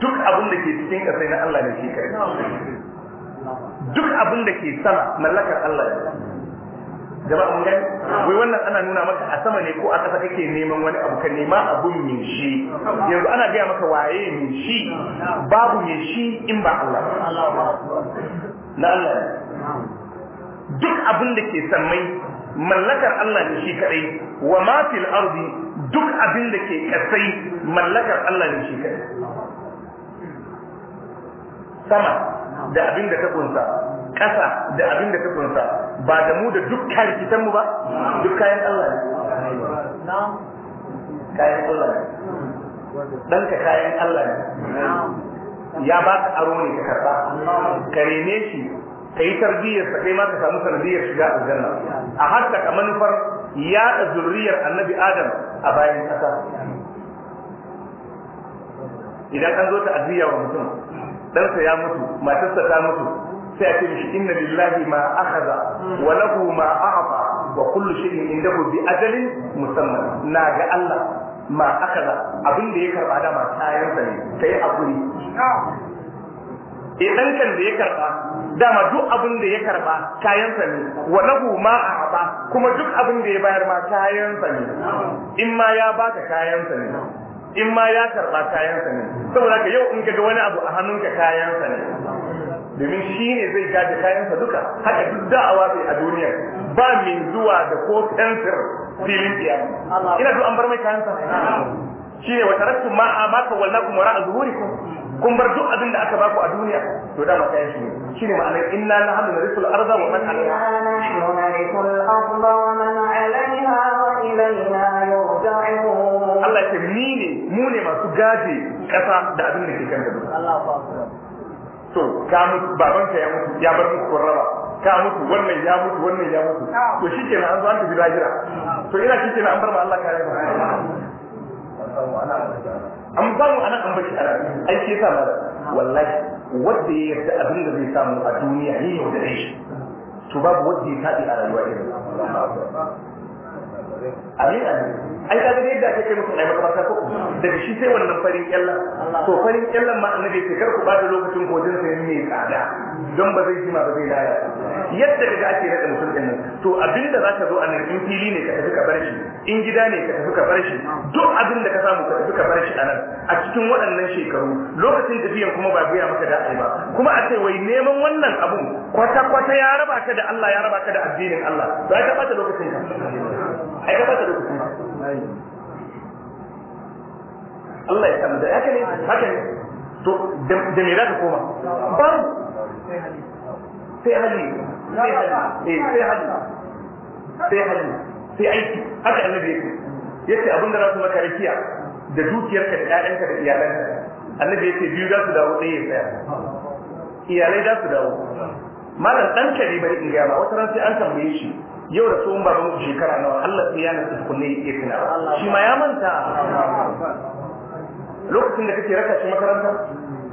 duk abin da ke cikin ƙasa na Allah ne shi kadai duk abin da ke sama mallakar Allah ne jama'a mun gani wai wannan ana nuna maka a sama ne ko a ƙasa kake neman wani abu ka nema abun mai shi yanzu ana gaya maka waye mai shi babu mai shi in ba Allah na Allah duk abin da ke sammai mallakar Allah ne shi kadai wa ma fil ardi duk abin da ke kasai mallakar Allah ne shi kadai sama da abin da ta kunsa ƙasa da abin da ta kunsa ba da mu da dukkan rikitanmu ba duk kayan Allah ne kayan Allah ne kayan Allah ne ya ba ka aro ne ka karba ka rene shi ka yi tarbiyyar sa kai ma ka samu tarbiyyar shiga aljanna a haskaka manufar yaɗa zurriyar annabi adam a bayan ƙasa idan an zo ta aziya wa mutum ɗansa ya mutu matarsa ta mutu sai a ce mishi inna lillahi ma akhadha wa lahu ma a'ta wa kullu shay'in indahu bi ajalin musamman na ga Allah ma akhadha abin da ya karba da ma kayan sa ne kai hakuri idan eh, kan da ya karba dama duk abin da ya karba kayansa ne wa lahu ma a'ta kuma duk abin da ya bayar ma kayansa ne in ma ya baka kayansa ne in ma ya karba kayansa ne saboda ka yau in ka ga wani abu a ka kayansa ne domin shi ne zai gaji kayansa duka haka duk da'awa wasu a duniya ba min zuwa da ko fensir filin kiyama ina duk an bar mai kayansa shi ne wa taraktu ma'a maka tawalla kuma zuhurikum kun bar duk abin da aka baku a duniya to da maka yanki shine ma'anar inna nahnu narisul arda wa man 'alayha nahnu narisul arda wa man 'alayha wa ilayna yurja'un Allah ya ni ne mu ne masu gaje kasa da abin da ke kan gado Allahu akbar to ka mutu babanka ya mutu ya bar muku kurraba ka mutu wannan ya mutu wannan ya mutu to shi shikenan an zo an tafi lahira to ina shi shikenan an bar ma Allah kare ba an samu ana an bashi arabi ai ke sa mala wallahi wanda ya yarda abin da zai samu a duniya ne yau da dai shi to babu wanda ya tabi a rayuwa irin amin amin ai ka ga yadda kake mutum musu ai makamata ko daga shi sai wannan farin kyallan to farin kyallan ma annabi sai kar ku bada lokacin gojin sai ne tsada don ba zai jima ba zai laya yadda ga ake rada mutum ɗin nan to da za ka zo a nan in fili ne ka tafi ka bar shi in gida ne ka tafi ka bar shi duk abin da ka samu ka tafi ka bar shi a nan a cikin waɗannan shekaru lokacin tafiyan kuma ba biya maka da ba kuma a ce wai neman wannan abu, kwata kwata ya raba ka da Allah ya raba ka da addinin Allah to ai ka bata lokacin ka ai ka bata lokacin ka Allah ya samu da haka ne haka ne to da me za ka koma babu sai hali sai sai aiki haka annabi yake yace abin da za su maka rakiya da dukiyarka da ƴaƴanka da iyalanka annabi yace biyu za su dawo ɗaya ya iyalai za su dawo malam ɗan kare bari in gaya ma wata ran sai an tambaye shi yau da tsohon baban shekara nawa Allah sai ya nasu tukunne ya tuna shi ma ya manta lokacin da kake raka shi makaranta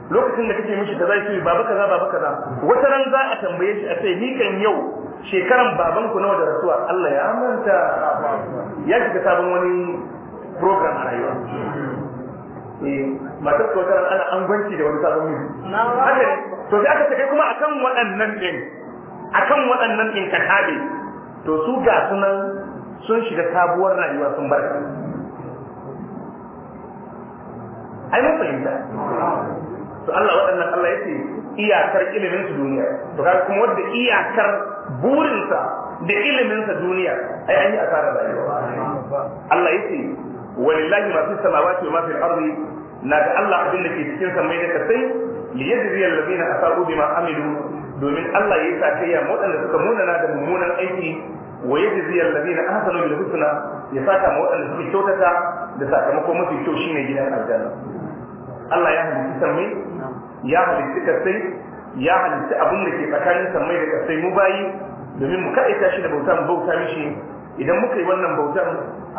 lokacin da kake mishi kaza yake baba kaza baba kaza wata ran za a tambaye shi a sai ni kan yau shekaran baban ku nawa da rasuwa Allah ya manta ya shiga sabon wani program a rayuwa Eh ko kotaran ana an gwanci da wani sabon mutum haka ne to sai aka take kuma akan waɗannan din akan waɗannan din ka tabe to su ga sunan sun shiga sabuwar rayuwa sun bar ai mun fahimta to Allah waɗannan Allah yake iyakar ilimin su duniya to ka kuma wanda iyakar burinsa da ilimin sa duniya ai an yi asara rayuwa Allah yake walillahi ma fi samawati wa ma al ardi na da Allah abin da ke cikin mai da kasai li yajri alladhina asabu bima amilu domin Allah ya sa kai ya waɗanda suka munana da mummunan aiki wa yajri alladhina ahsanu bil husna ya saka waɗanda suka kyautata da sakamako mafi kyau shine gidan aljanna Allah ya halitta sammai ya halitta kasai ya halitta abin da ke tsakanin sammai da kasai mu bayi domin mu kaɗaita shi da bauta mu bauta mishi idan muka yi wannan bautan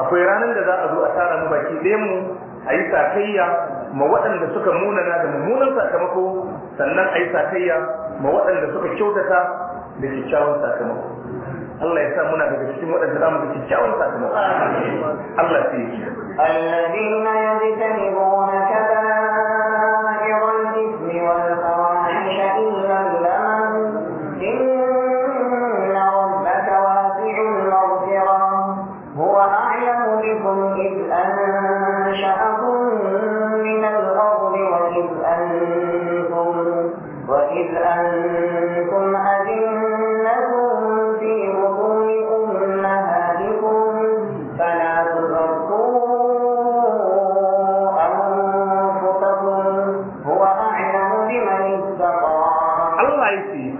akwai ranar da za a zo a tara mu baki ɗaya mu a yi sakayya ma waɗanda suka munana da mummunan sakamako sannan a yi sakayya ma waɗanda suka kyautata da kyakkyawan sakamako Allah ya sa muna daga cikin waɗanda za mu da kyakkyawan sakamako Allah ya الذين يجتنبون كبائر الإثم والفواحش إلا اللمم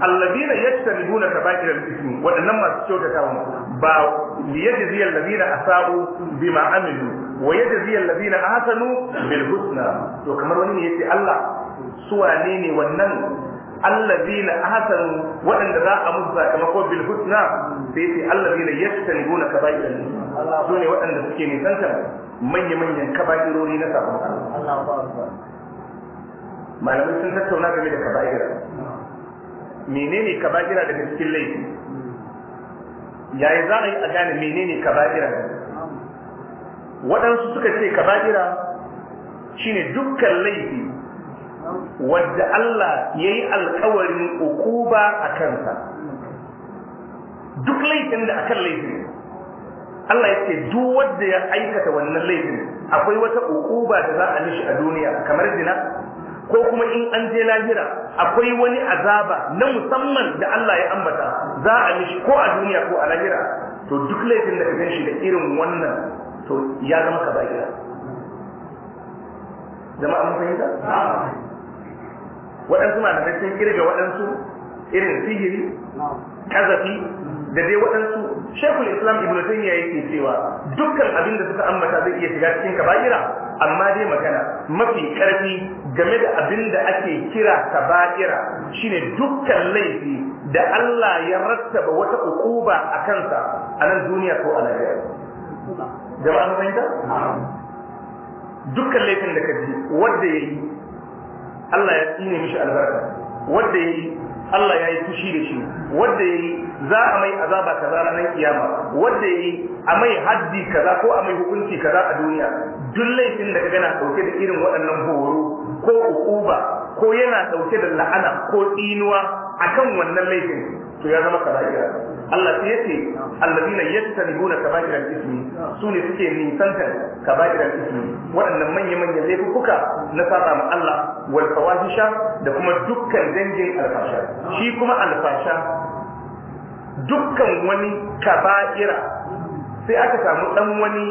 alladina yajtanibuna kaba'ira al-ithm wadannan masu kyautata kyautatawa ba liyajzi alladina asabu bima amilu wa yajzi alladina ahsanu bil husna to kamar wani ne yace Allah su wane ne wannan alladina ahsanu wadanda za a musu sakamako bil husna sai yace alladina yajtanibuna kaba'ira al-ithm su ne wadanda suke nisanta manya-manyan kaba'irori na sabon Allah malamai sun tattauna game da kaba'ira menene kaba'ira daga cikin laifi yayi za a yi a gane menene kaba'ira waɗansu suka ce kaba'ira shine dukkan laifi wadda Allah ya yi alkawarin ukuba a kansa duk laifin da akan laifin Allah ya ce duk wanda ya aikata wannan laifin akwai wata ukuba da za a mishi a duniya kamar zina ko kuma in an je lahira akwai wani azaba na musamman da Allah ya ambata za a mishi ko a duniya ko a lahira to duk laifin da ka shi da irin wannan to ya zama ka kaba'ira jama'a mun fahimta waɗansu na da sun kirga waɗansu irin sihiri kazafi da dai waɗansu shekul islam ibn taymiya yake cewa dukkan abin da suka ambata zai iya shiga cikin kaba'ira amma dai magana mafi karfi game da abin da ake kira kaba'ira shine dukkan laifi da Allah ya rattaba wata ukuba a kansa a nan duniya ko a lahira jama'a mun fahimta dukkan laifin da ka wadda ya yi Allah ya tsine mishi albarka wadda ya yi. Allah ya yi fushi da shi wanda ya yi za a mai azaba kaza ranar kiyama wanda ya yi a mai haddi kaza ko a mai hukunci kaza a duniya duk laifin da ka gana dauke da irin waɗannan horo ko uquba ko yana dauke da la'ana ko tsinuwa akan wannan laifin to ya zama kaza Allah sai yace alladina yajtanibuna kaba'ira al-ithmi su ne suke nisanta kaba'ira al-ithmi waɗannan manya manyan laifuka na saba ma Allah wal fawahisha da kuma dukkan dangin alfasha shi kuma alfasha dukkan wani kaba'ira sai aka samu dan wani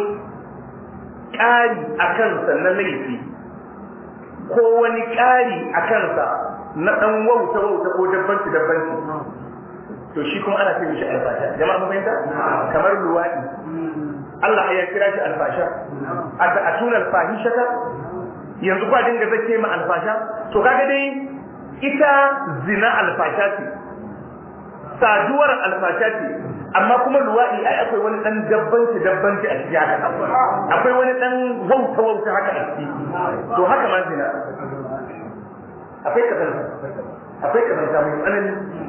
ƙari a kansa na laifi ko wani ƙari a kansa na ɗan wauta wauta ko dabbanci dabbanci to shi kuma ana kiran shi alfasha jama'a mun fahimta kamar luwadi Allah ya kira shi alfasha a ta'atun alfahishata yanzu kwa dinga zake ma alfasha to kaga dai ita zina alfasha ce saduwar alfasha ce amma kuma luwadi ai akwai wani dan dabbanci dabbanci a cikin haka akwai wani dan wauta wauta haka a ciki to haka ma zina akwai kazanta akwai kazanta mai tsanani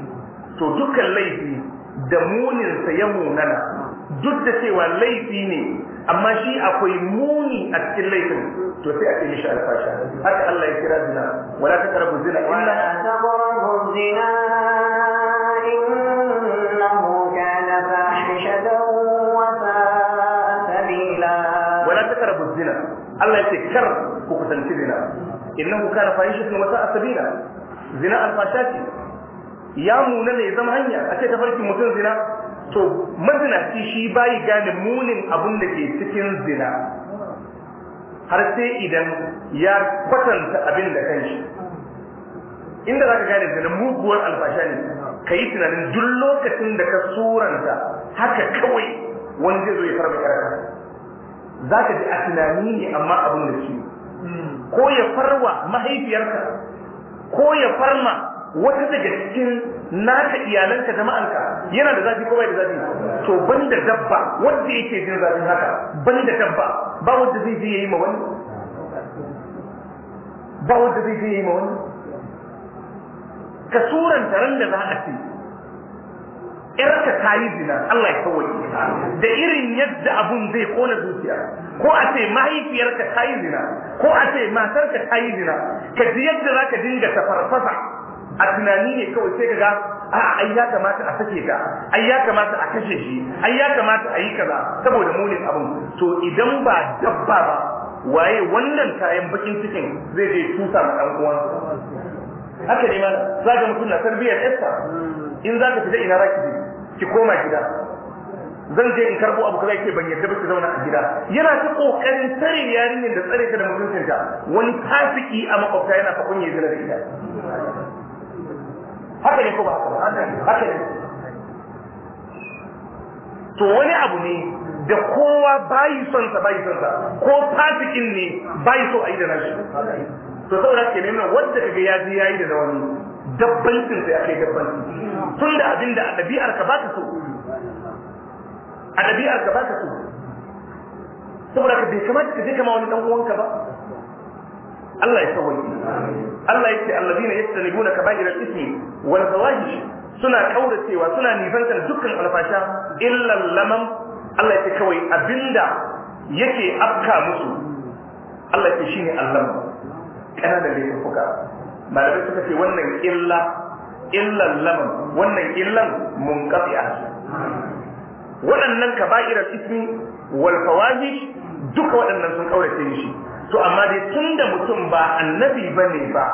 to dukkan laifi da muninsa ya munana duk da cewa laifi ne amma shi akwai muni a cikin laifin to sai a ce mishi alfasha haka Allah ya kira zina wala ta karabu zina illa taqrabu zina innahu kana fahishatan wa sa'a sabila wala ta karabu zina Allah ya ce kar ku kusanci zina innahu kana fahishatan wa sa'a sabila zina alfasha ce ya muna ne zama hanya a ce tafarkin mutum zina to mazinaci shi bayi gane munin abin da ke cikin zina har sai idan ya kwatanta abin da kanshi inda za ka gane zina muguwar alfasha ne ka yi tunanin duk lokacin da ka suranta haka kawai wani zai zo ya farba karka za ka ji a tunani ne amma abin da shi ko ya farwa mahaifiyarka ko ya farma wata daga cikin naka iyalanka jama'anka yana da zafi ko bai da zafi to ban da dabba wanda yake jin zafin haka ban da dabba ba wanda zai je yayi ma wani ba wanda zai je yayi ma wani ka suran taron da za a ce 'Yar ta yi zina Allah ya kawai da irin yadda abun zai kona zuciya ko a ce mahaifiyarka ta yi zina ko a ce matarka ta yi zina ka ji yadda za ka dinga tafarfasa a tunani ne kawai sai kaga a ai ya kamata a sake ka ai ya kamata a kashe shi ai ya kamata a yi kaza saboda munin abin to idan ba dabba ba waye wannan kayan bakin cikin zai je tusa ma dan uwan haka ne ma za ka mutum na tarbiyyar esta in za ka fita ina za ki ki koma gida zan je in karbo abu kaza yake ban yadda ba ki zauna a gida yana ta kokarin tare yarinyar da tsare ta da mutuncinta wani tafiki a makwabta yana fa kunye zina da ita haka ne ko ba haka ne to wani abu ne da kowa bayi son sa bayi son sa ko fasikin ne bayi so yi da nashi to saboda ke nuna wanda kaga ya ji yayi da wani dabbancin sai akai dabbancin tunda abinda a dabi'ar ka ka so a dabi'ar ka ka so saboda ka bai kamata ka je kama wani dan uwanka ba Allah ya kawai Allah yake alladina yastanibuna kaba'ir al-ithmi wal fawahish suna kauracewa suna nisantar dukkan alfasha illan laman. Allah ya ce kawai abinda yake afka musu Allah ya yake shine Allah Kana da fuka malamai suka ce wannan illa illa lamam wannan illan mun munqati'a waɗannan kaba'irar ismi wal fawahish duka waɗannan sun kaurace shi to amma dai tunda mutum ba annabi bane ba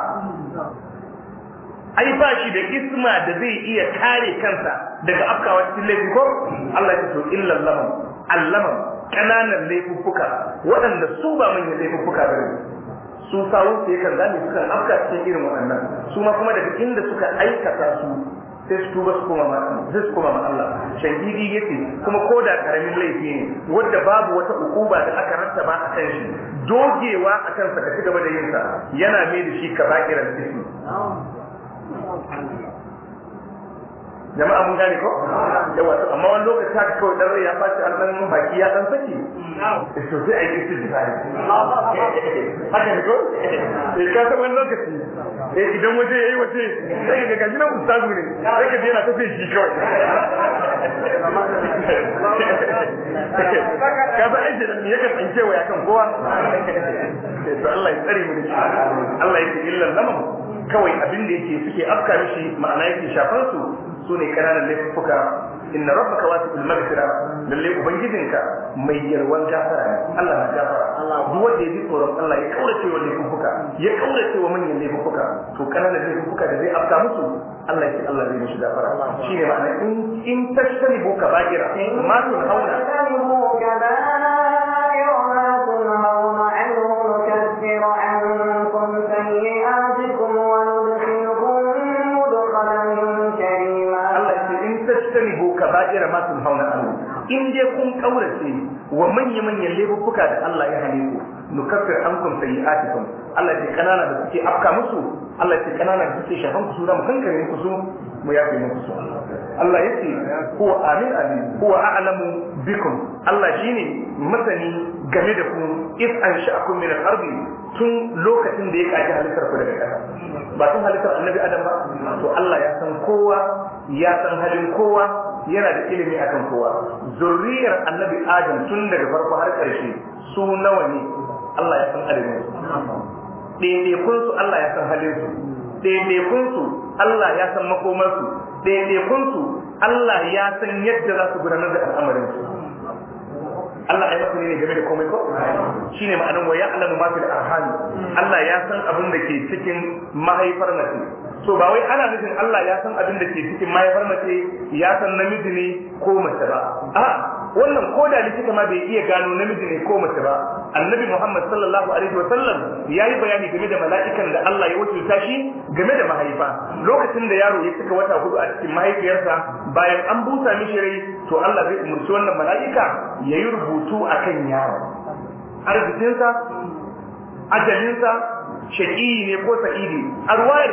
ai ba shi da isma da zai iya kare kansa daga afkawa cikin laifi ko Allah ya ce illa Allah allama kananan laifuffuka waɗanda su ba manyan laifuffuka ba su sawo su yakan zamu sukan afka cikin irin wannan, su ma kuma daga inda suka aikata su sai su tuba su koma sai su koma Allah shangidi yake kuma ko da karamin laifi ne wadda babu wata ukuba da aka ba a kan shi dogewa a kansa sa ka ci gaba da yin sa yana mai da shi kaba'iran ismi jama'a mun gane ko yawa to amma wani lokaci haka kawai dan rai ya faci alman mun baki ya dan saki eh, to sai ai kici da haka ne ko eh ka san wani lokaci eh idan waje yayi waje sai ga gaji nan ustazu ne sai ka yana tafi shi kawai ka ba aje da me yake tsanke wa kan kowa eh, to Allah ya tsare mu da shi Allah ya yi illa lamam kawai abin da yake suke afka mishi ma'ana yake shafar su su ne kananan laifuka inna rabbaka wasi'ul maghfira lalle ubangijinka mai yarwan gafara ne Allah na gafara duk wanda ya ji tsoron Allah ya kaurace wa laifuka ya kaurace wa manyan laifuka to kananan laifuka da zai afka musu Allah ya Allah zai mishi gafara shine ma'ana in in buka kaba'ira ma tun hauna kaba'ir ma sun hauna anhu in dai kun kaurace wa manya manyan laifuka da Allah ya hane ku nukaffir ankum sayi'atikum Allah ya kanana da kuke afka musu Allah ya kanana da kuke shafan ku su da mu kankare muku su mu yafe muku su Allah ya ce huwa amin amin huwa a'lamu bikum Allah shine masani game da ku is an sha'akum min al-ardi tun lokacin da ya kaji halittar ku daga ƙasa ba tun halittar annabi adam ba to Allah ya san kowa ya san halin kowa yana da ilimi akan kowa zurriyar annabi adam tun daga farko har ƙarshe su nawa ne Allah ya san adadin su ɗaiɗaikunsu Allah ya san halin su ɗaiɗaikunsu Allah ya san makomarsu su Allah ya san yadda za su gudanar da al'amarin su. Allah ya masani ne game da komai ko shine ma'anar wa ya'lamu ma fil arham Allah ya san abin da ke cikin mahaifar mace to ba wai ana nufin Allah ya san abin da ke cikin mahaifar mace ya san namiji ne ko mace ba a wannan ko da likita ma bai iya gano namiji ne ko mace ba annabi Muhammad sallallahu alaihi wa sallam ya yi bayani game da mala'ikan da Allah ya wakilta shi game da mahaifa lokacin da yaro ya cika wata hudu a cikin mahaifiyarsa bayan an busa mishi rai to Allah zai umurci wannan mala'ika ya yi rubutu akan yaro arzikinsa ajalinsa shaƙi ne ko sa'idi a ruwayar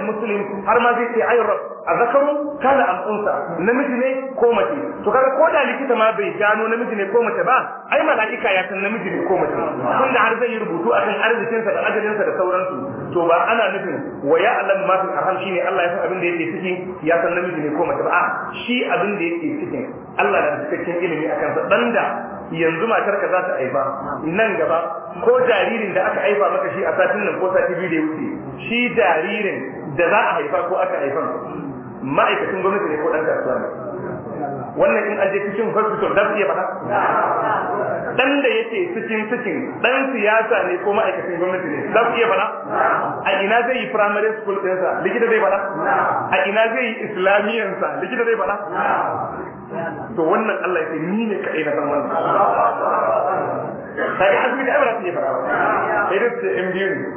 har ma zai ce ayin rab a zakaru kana al'unsa namiji ne ko mace to kaga ko da likita ma bai gano namiji ne ko mace ba ai mala'ika ya san namiji ne ko mace tun da har zai yi rubutu a kan arzikinsa da ajalinsa da sauransu to ba ana nufin wa ya alam ma fi arham shine Allah ya san abin da yake ciki ya san namiji ne ko mace ba shi abin da yake cikin Allah da cikakken ilimi akan sa dan yanzu matar ka za ta aifa nan gaba ko jaririn da aka aifa maka shi a satin nan ko sati biyu da ya wuce shi jaririn da za a haifa ko aka haifa ma'aikacin gwamnati ne ko dan kasuwa ne wannan in aje cikin hospital da su iya faɗa dan da yake cikin cikin dan siyasa ne ko ma'aikacin gwamnati ne za su iya faɗa a ina zai yi primary school ɗinsa likita zai faɗa a ina zai yi islamiyansa likita zai faɗa to wannan Allah ya ce ni ne kaɗai na san wannan kaga an kuma amara ne fara sai da su in biyu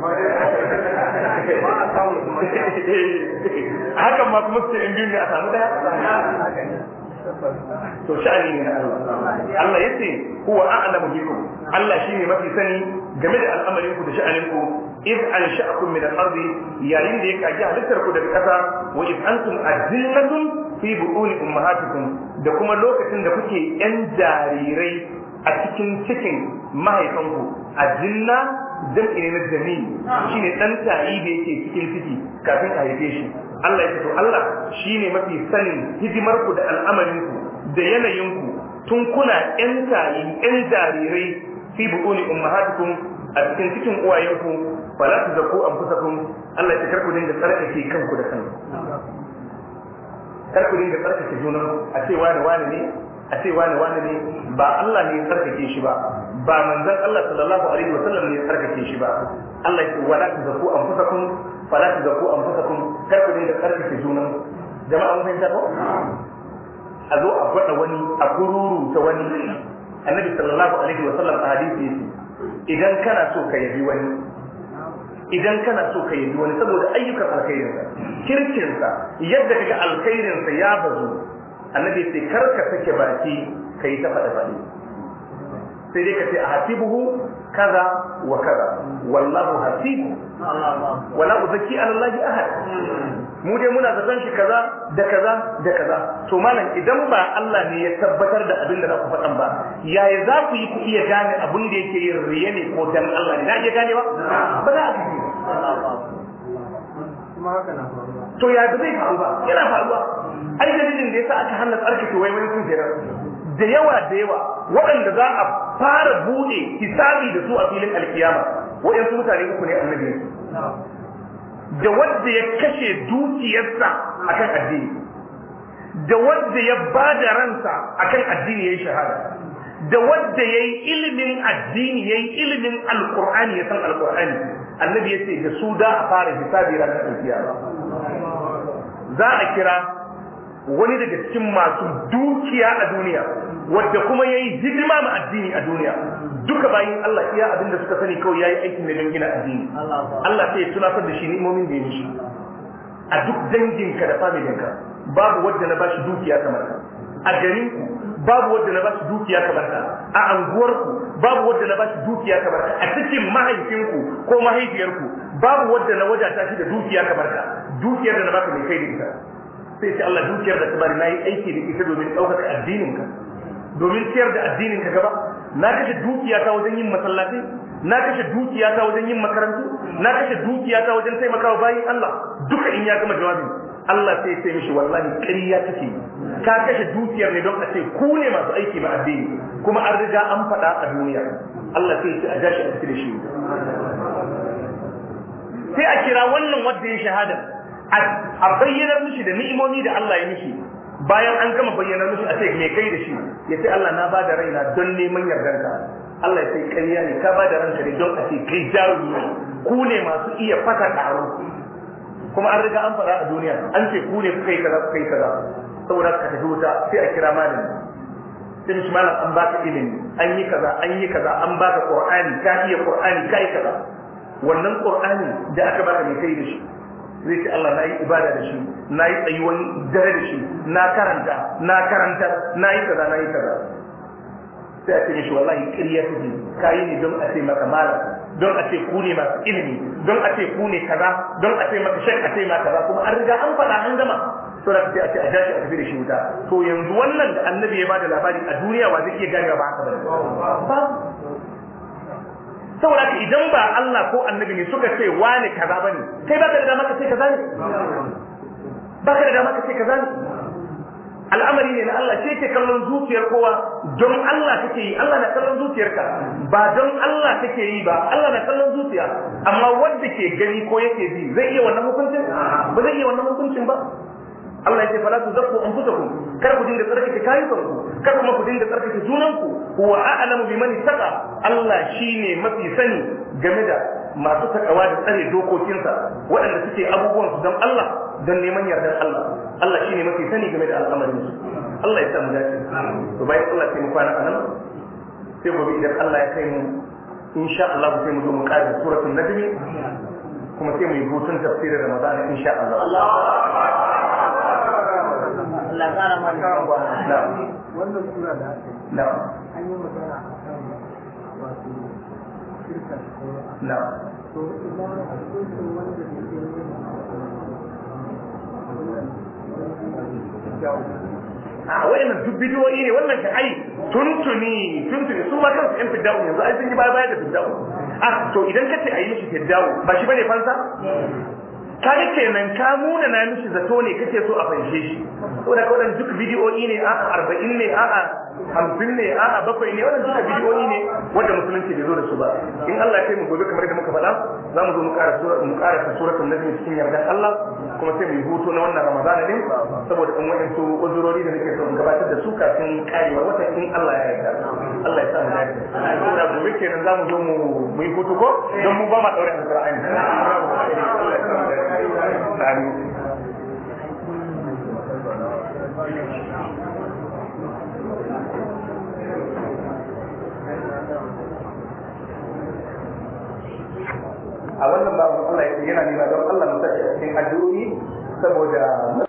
haka ma kuma su in biyu ne a samu daya to sha'ani ne na Allah Allah yace huwa a'lamu bikum Allah shi ne mafi sani game da al'amarin ku da sha'anin ku إذ da من الأرض يا يندي كأجي هلتركوا دكتا وإذ أنتم أذلة في بطون أمهاتكم da kuma lokacin da kuke yan jarirai a cikin cikin mahaifanku a jinna zan ina na jami shine ɗan tayi da yake cikin ciki kafin a haife shi Allah ya to Allah shi ne mafi sanin hidimarku da al'amarinku da yanayinku tun kuna yan tayi yan jarirai fi buuni ummahatikum a cikin cikin uwayenku an kusa kun Allah ya karku dinga tsarkake kanku da kanku kar ku dinga tsarkake junan a ce wani wani ne a ce wani wani ne ba Allah ne ya tsarkake shi ba ba manzon Allah sallallahu alaihi wa sallam ne ya tsarkake shi ba Allah ya ce wala tuzaku anfusakum fala tuzaku anfusakum kar ku dinga tsarkake junan jama'a mun fahimta ko a zo a gwada wani a gururu ta wani annabi sallallahu alaihi wa sallam a hadisi idan kana so ka yabi wani idan kana so ka yi wani saboda ayyukan alkhairinsa kirkinsa yadda kaga alkhairinsa ya bazu annabi sai karka sake baki kai ta faɗa faɗi sai dai ka ce a hasibuhu kaza wa kaza wallahu hasib wala uzaki ala allahi mu dai muna zaton shi kaza da kaza da kaza to malam idan ba Allah ne ya tabbatar da abin da za ku faɗan ba yaya za ku yi ku iya gane abin da yake yin ne ko dan Allah iya gane ba ba za a to ya zai faru ba yana faruwa ai dalilin da sa aka hana to wai wani kun jira da yawa da yawa waɗanda za a fara buɗe hisabi da su a filin alkiyama waɗansu mutane uku ne annabi da wanda ya kashe dukiyarsa akan addini da wanda ya ba da ransa akan addini ya yi shahada da wanda ya yi ilimin addini ya yi ilimin alkur'ani ya san alkur'ani annabi ya ce da su da a fara hisabi ranar alkiyama za a kira wani daga cikin masu dukiya a duniya wadda kuma ya yi hidima ma addini a duniya duka bayan Allah iya abin da suka sani kawai ya yi aikin da don gina addini Allah sai ya tunatar da shi ni'imomin da ya mishi a duk danginka da familinka babu wadda na bashi dukiya kamar ka a ku babu wadda na bashi dukiya kamar ka a ku babu wadda na bashi dukiya kamar ka a cikin mahaifinku ko mahaifiyarku babu wadda na wadata shi da dukiya kamar ka dukiyar da na baka mai kai da ita sai ce Allah dukiyar da ka bari yi aiki da ita domin ɗaukaka addinin ka domin ciyar da addinin ka gaba na kashe dukiya ta wajen yin masallatai na kashe dukiya ta wajen yin makarantu na kashe dukiya ta wajen taimakawa bayin Allah duka in ya gama jawabi Allah sai sai mishi wallahi ƙarya take ka kashe dukiyar ne don a ce ku ne masu aiki ba addini kuma an riga an faɗa a duniya Allah sai sai a jashi a cikin shi sai a kira wannan wanda ya shahada a bayyanar mishi da ni'imomi da Allah ya mishi bayan an gama bayyanar mishi a ce me kai da shi ya ce Allah na bada da raina don neman yardanka Allah ya sai ƙarya ne ka ba da ranka ne don a ce kai jarumi ku ne masu iya fata taro kuma an riga an fara a duniya an ce ku ne kai kaza kai kaza saboda ka tafi wuta sai a kira malami sai shi malam an baka ilimi an yi kaza an yi kaza an baka qur'ani ka iya qur'ani kai kaza wannan qur'ani da aka baka ne kai da shi zai ce Allah na yi ibada da shi na yi tsayuwan dare da shi na karanta na karanta na yi kaza na yi kaza sai a ce mishi wallahi ne, ka yi ne don a ce maka malam don a ce ku ne masu ilimi don a ce ku ne kaza don a ce maka shek a ce ma kaza kuma an riga an faɗa an gama to da kace a ce a jashi a tafi da shi wuta to yanzu wannan da annabi ya bada labari a duniya wa zai iya gane ba haka ba saboda ka idan ba Allah ko annabi ne suka ce wani kaza bane kai baka da dama ka ce kaza ne baka da dama ce kaza ne al'amari ne na Allah ce ke kallon zuciyar kowa don Allah kake yi Allah na kallon zuciyarka ba don Allah kake yi ba Allah na kallon zuciya amma wanda ke gani ko yake ji zai iya wannan hukuncin ba zai iya wannan hukuncin ba Allah ya ce fala tu zakku anfusakum kar ku dinga tsarkake kayukanku kar kuma ku dinga tsarkake junanku wa a'lamu biman ittaqa Allah shine mafi sani game da masu takawa da tsare dokokinsa waɗanda suke abubuwan su don Allah don neman yardar Allah Allah shine mafi sani game da al'amarin su Allah ya samu dace to bayan Allah sai mu kwana anan sai gobe idan Allah ya kai mu insha Allah sai mu zo mu ƙara suratul najmi kuma sai mu yi hutun tafsirin Ramadan insha Allah Allah wannan sura da ake an yi magana a kan wato a wanda a bidiyoyi ne wannan ka ai tuntuni tuntuni su ma kansu yan fiddawo yanzu ai sun yi baya baya da fiddawo a ah, to idan ka ce a yi mishi fiddawo ba shi bane fansa eh. ke nan ka muna na mishi zato ne kake so a fanshe shi ko da kodan duk bidiyoyi ne a 40 ne a a 50 ne a a bakwai ne wannan duka bidiyoyi ne wanda musulunci bai zo da su ba in Allah ya kai mu gobe kamar da muka faɗa za mu zo mu ƙara sura mu ƙara ta nabi cikin yardan Allah kuma sai mu yi hutu na wannan ramadana din saboda in wayan su uzurori da nake so in gabatar da su kafin karewar wata in Allah ya yarda Allah ya sa mu dace da gobe kenan za mu zo mu yi hutu ko don mu ba ma daure Qur'ani النص عليه a wannan babu Allah ya yana nema don Allah mu tashi a cikin addu'o'i saboda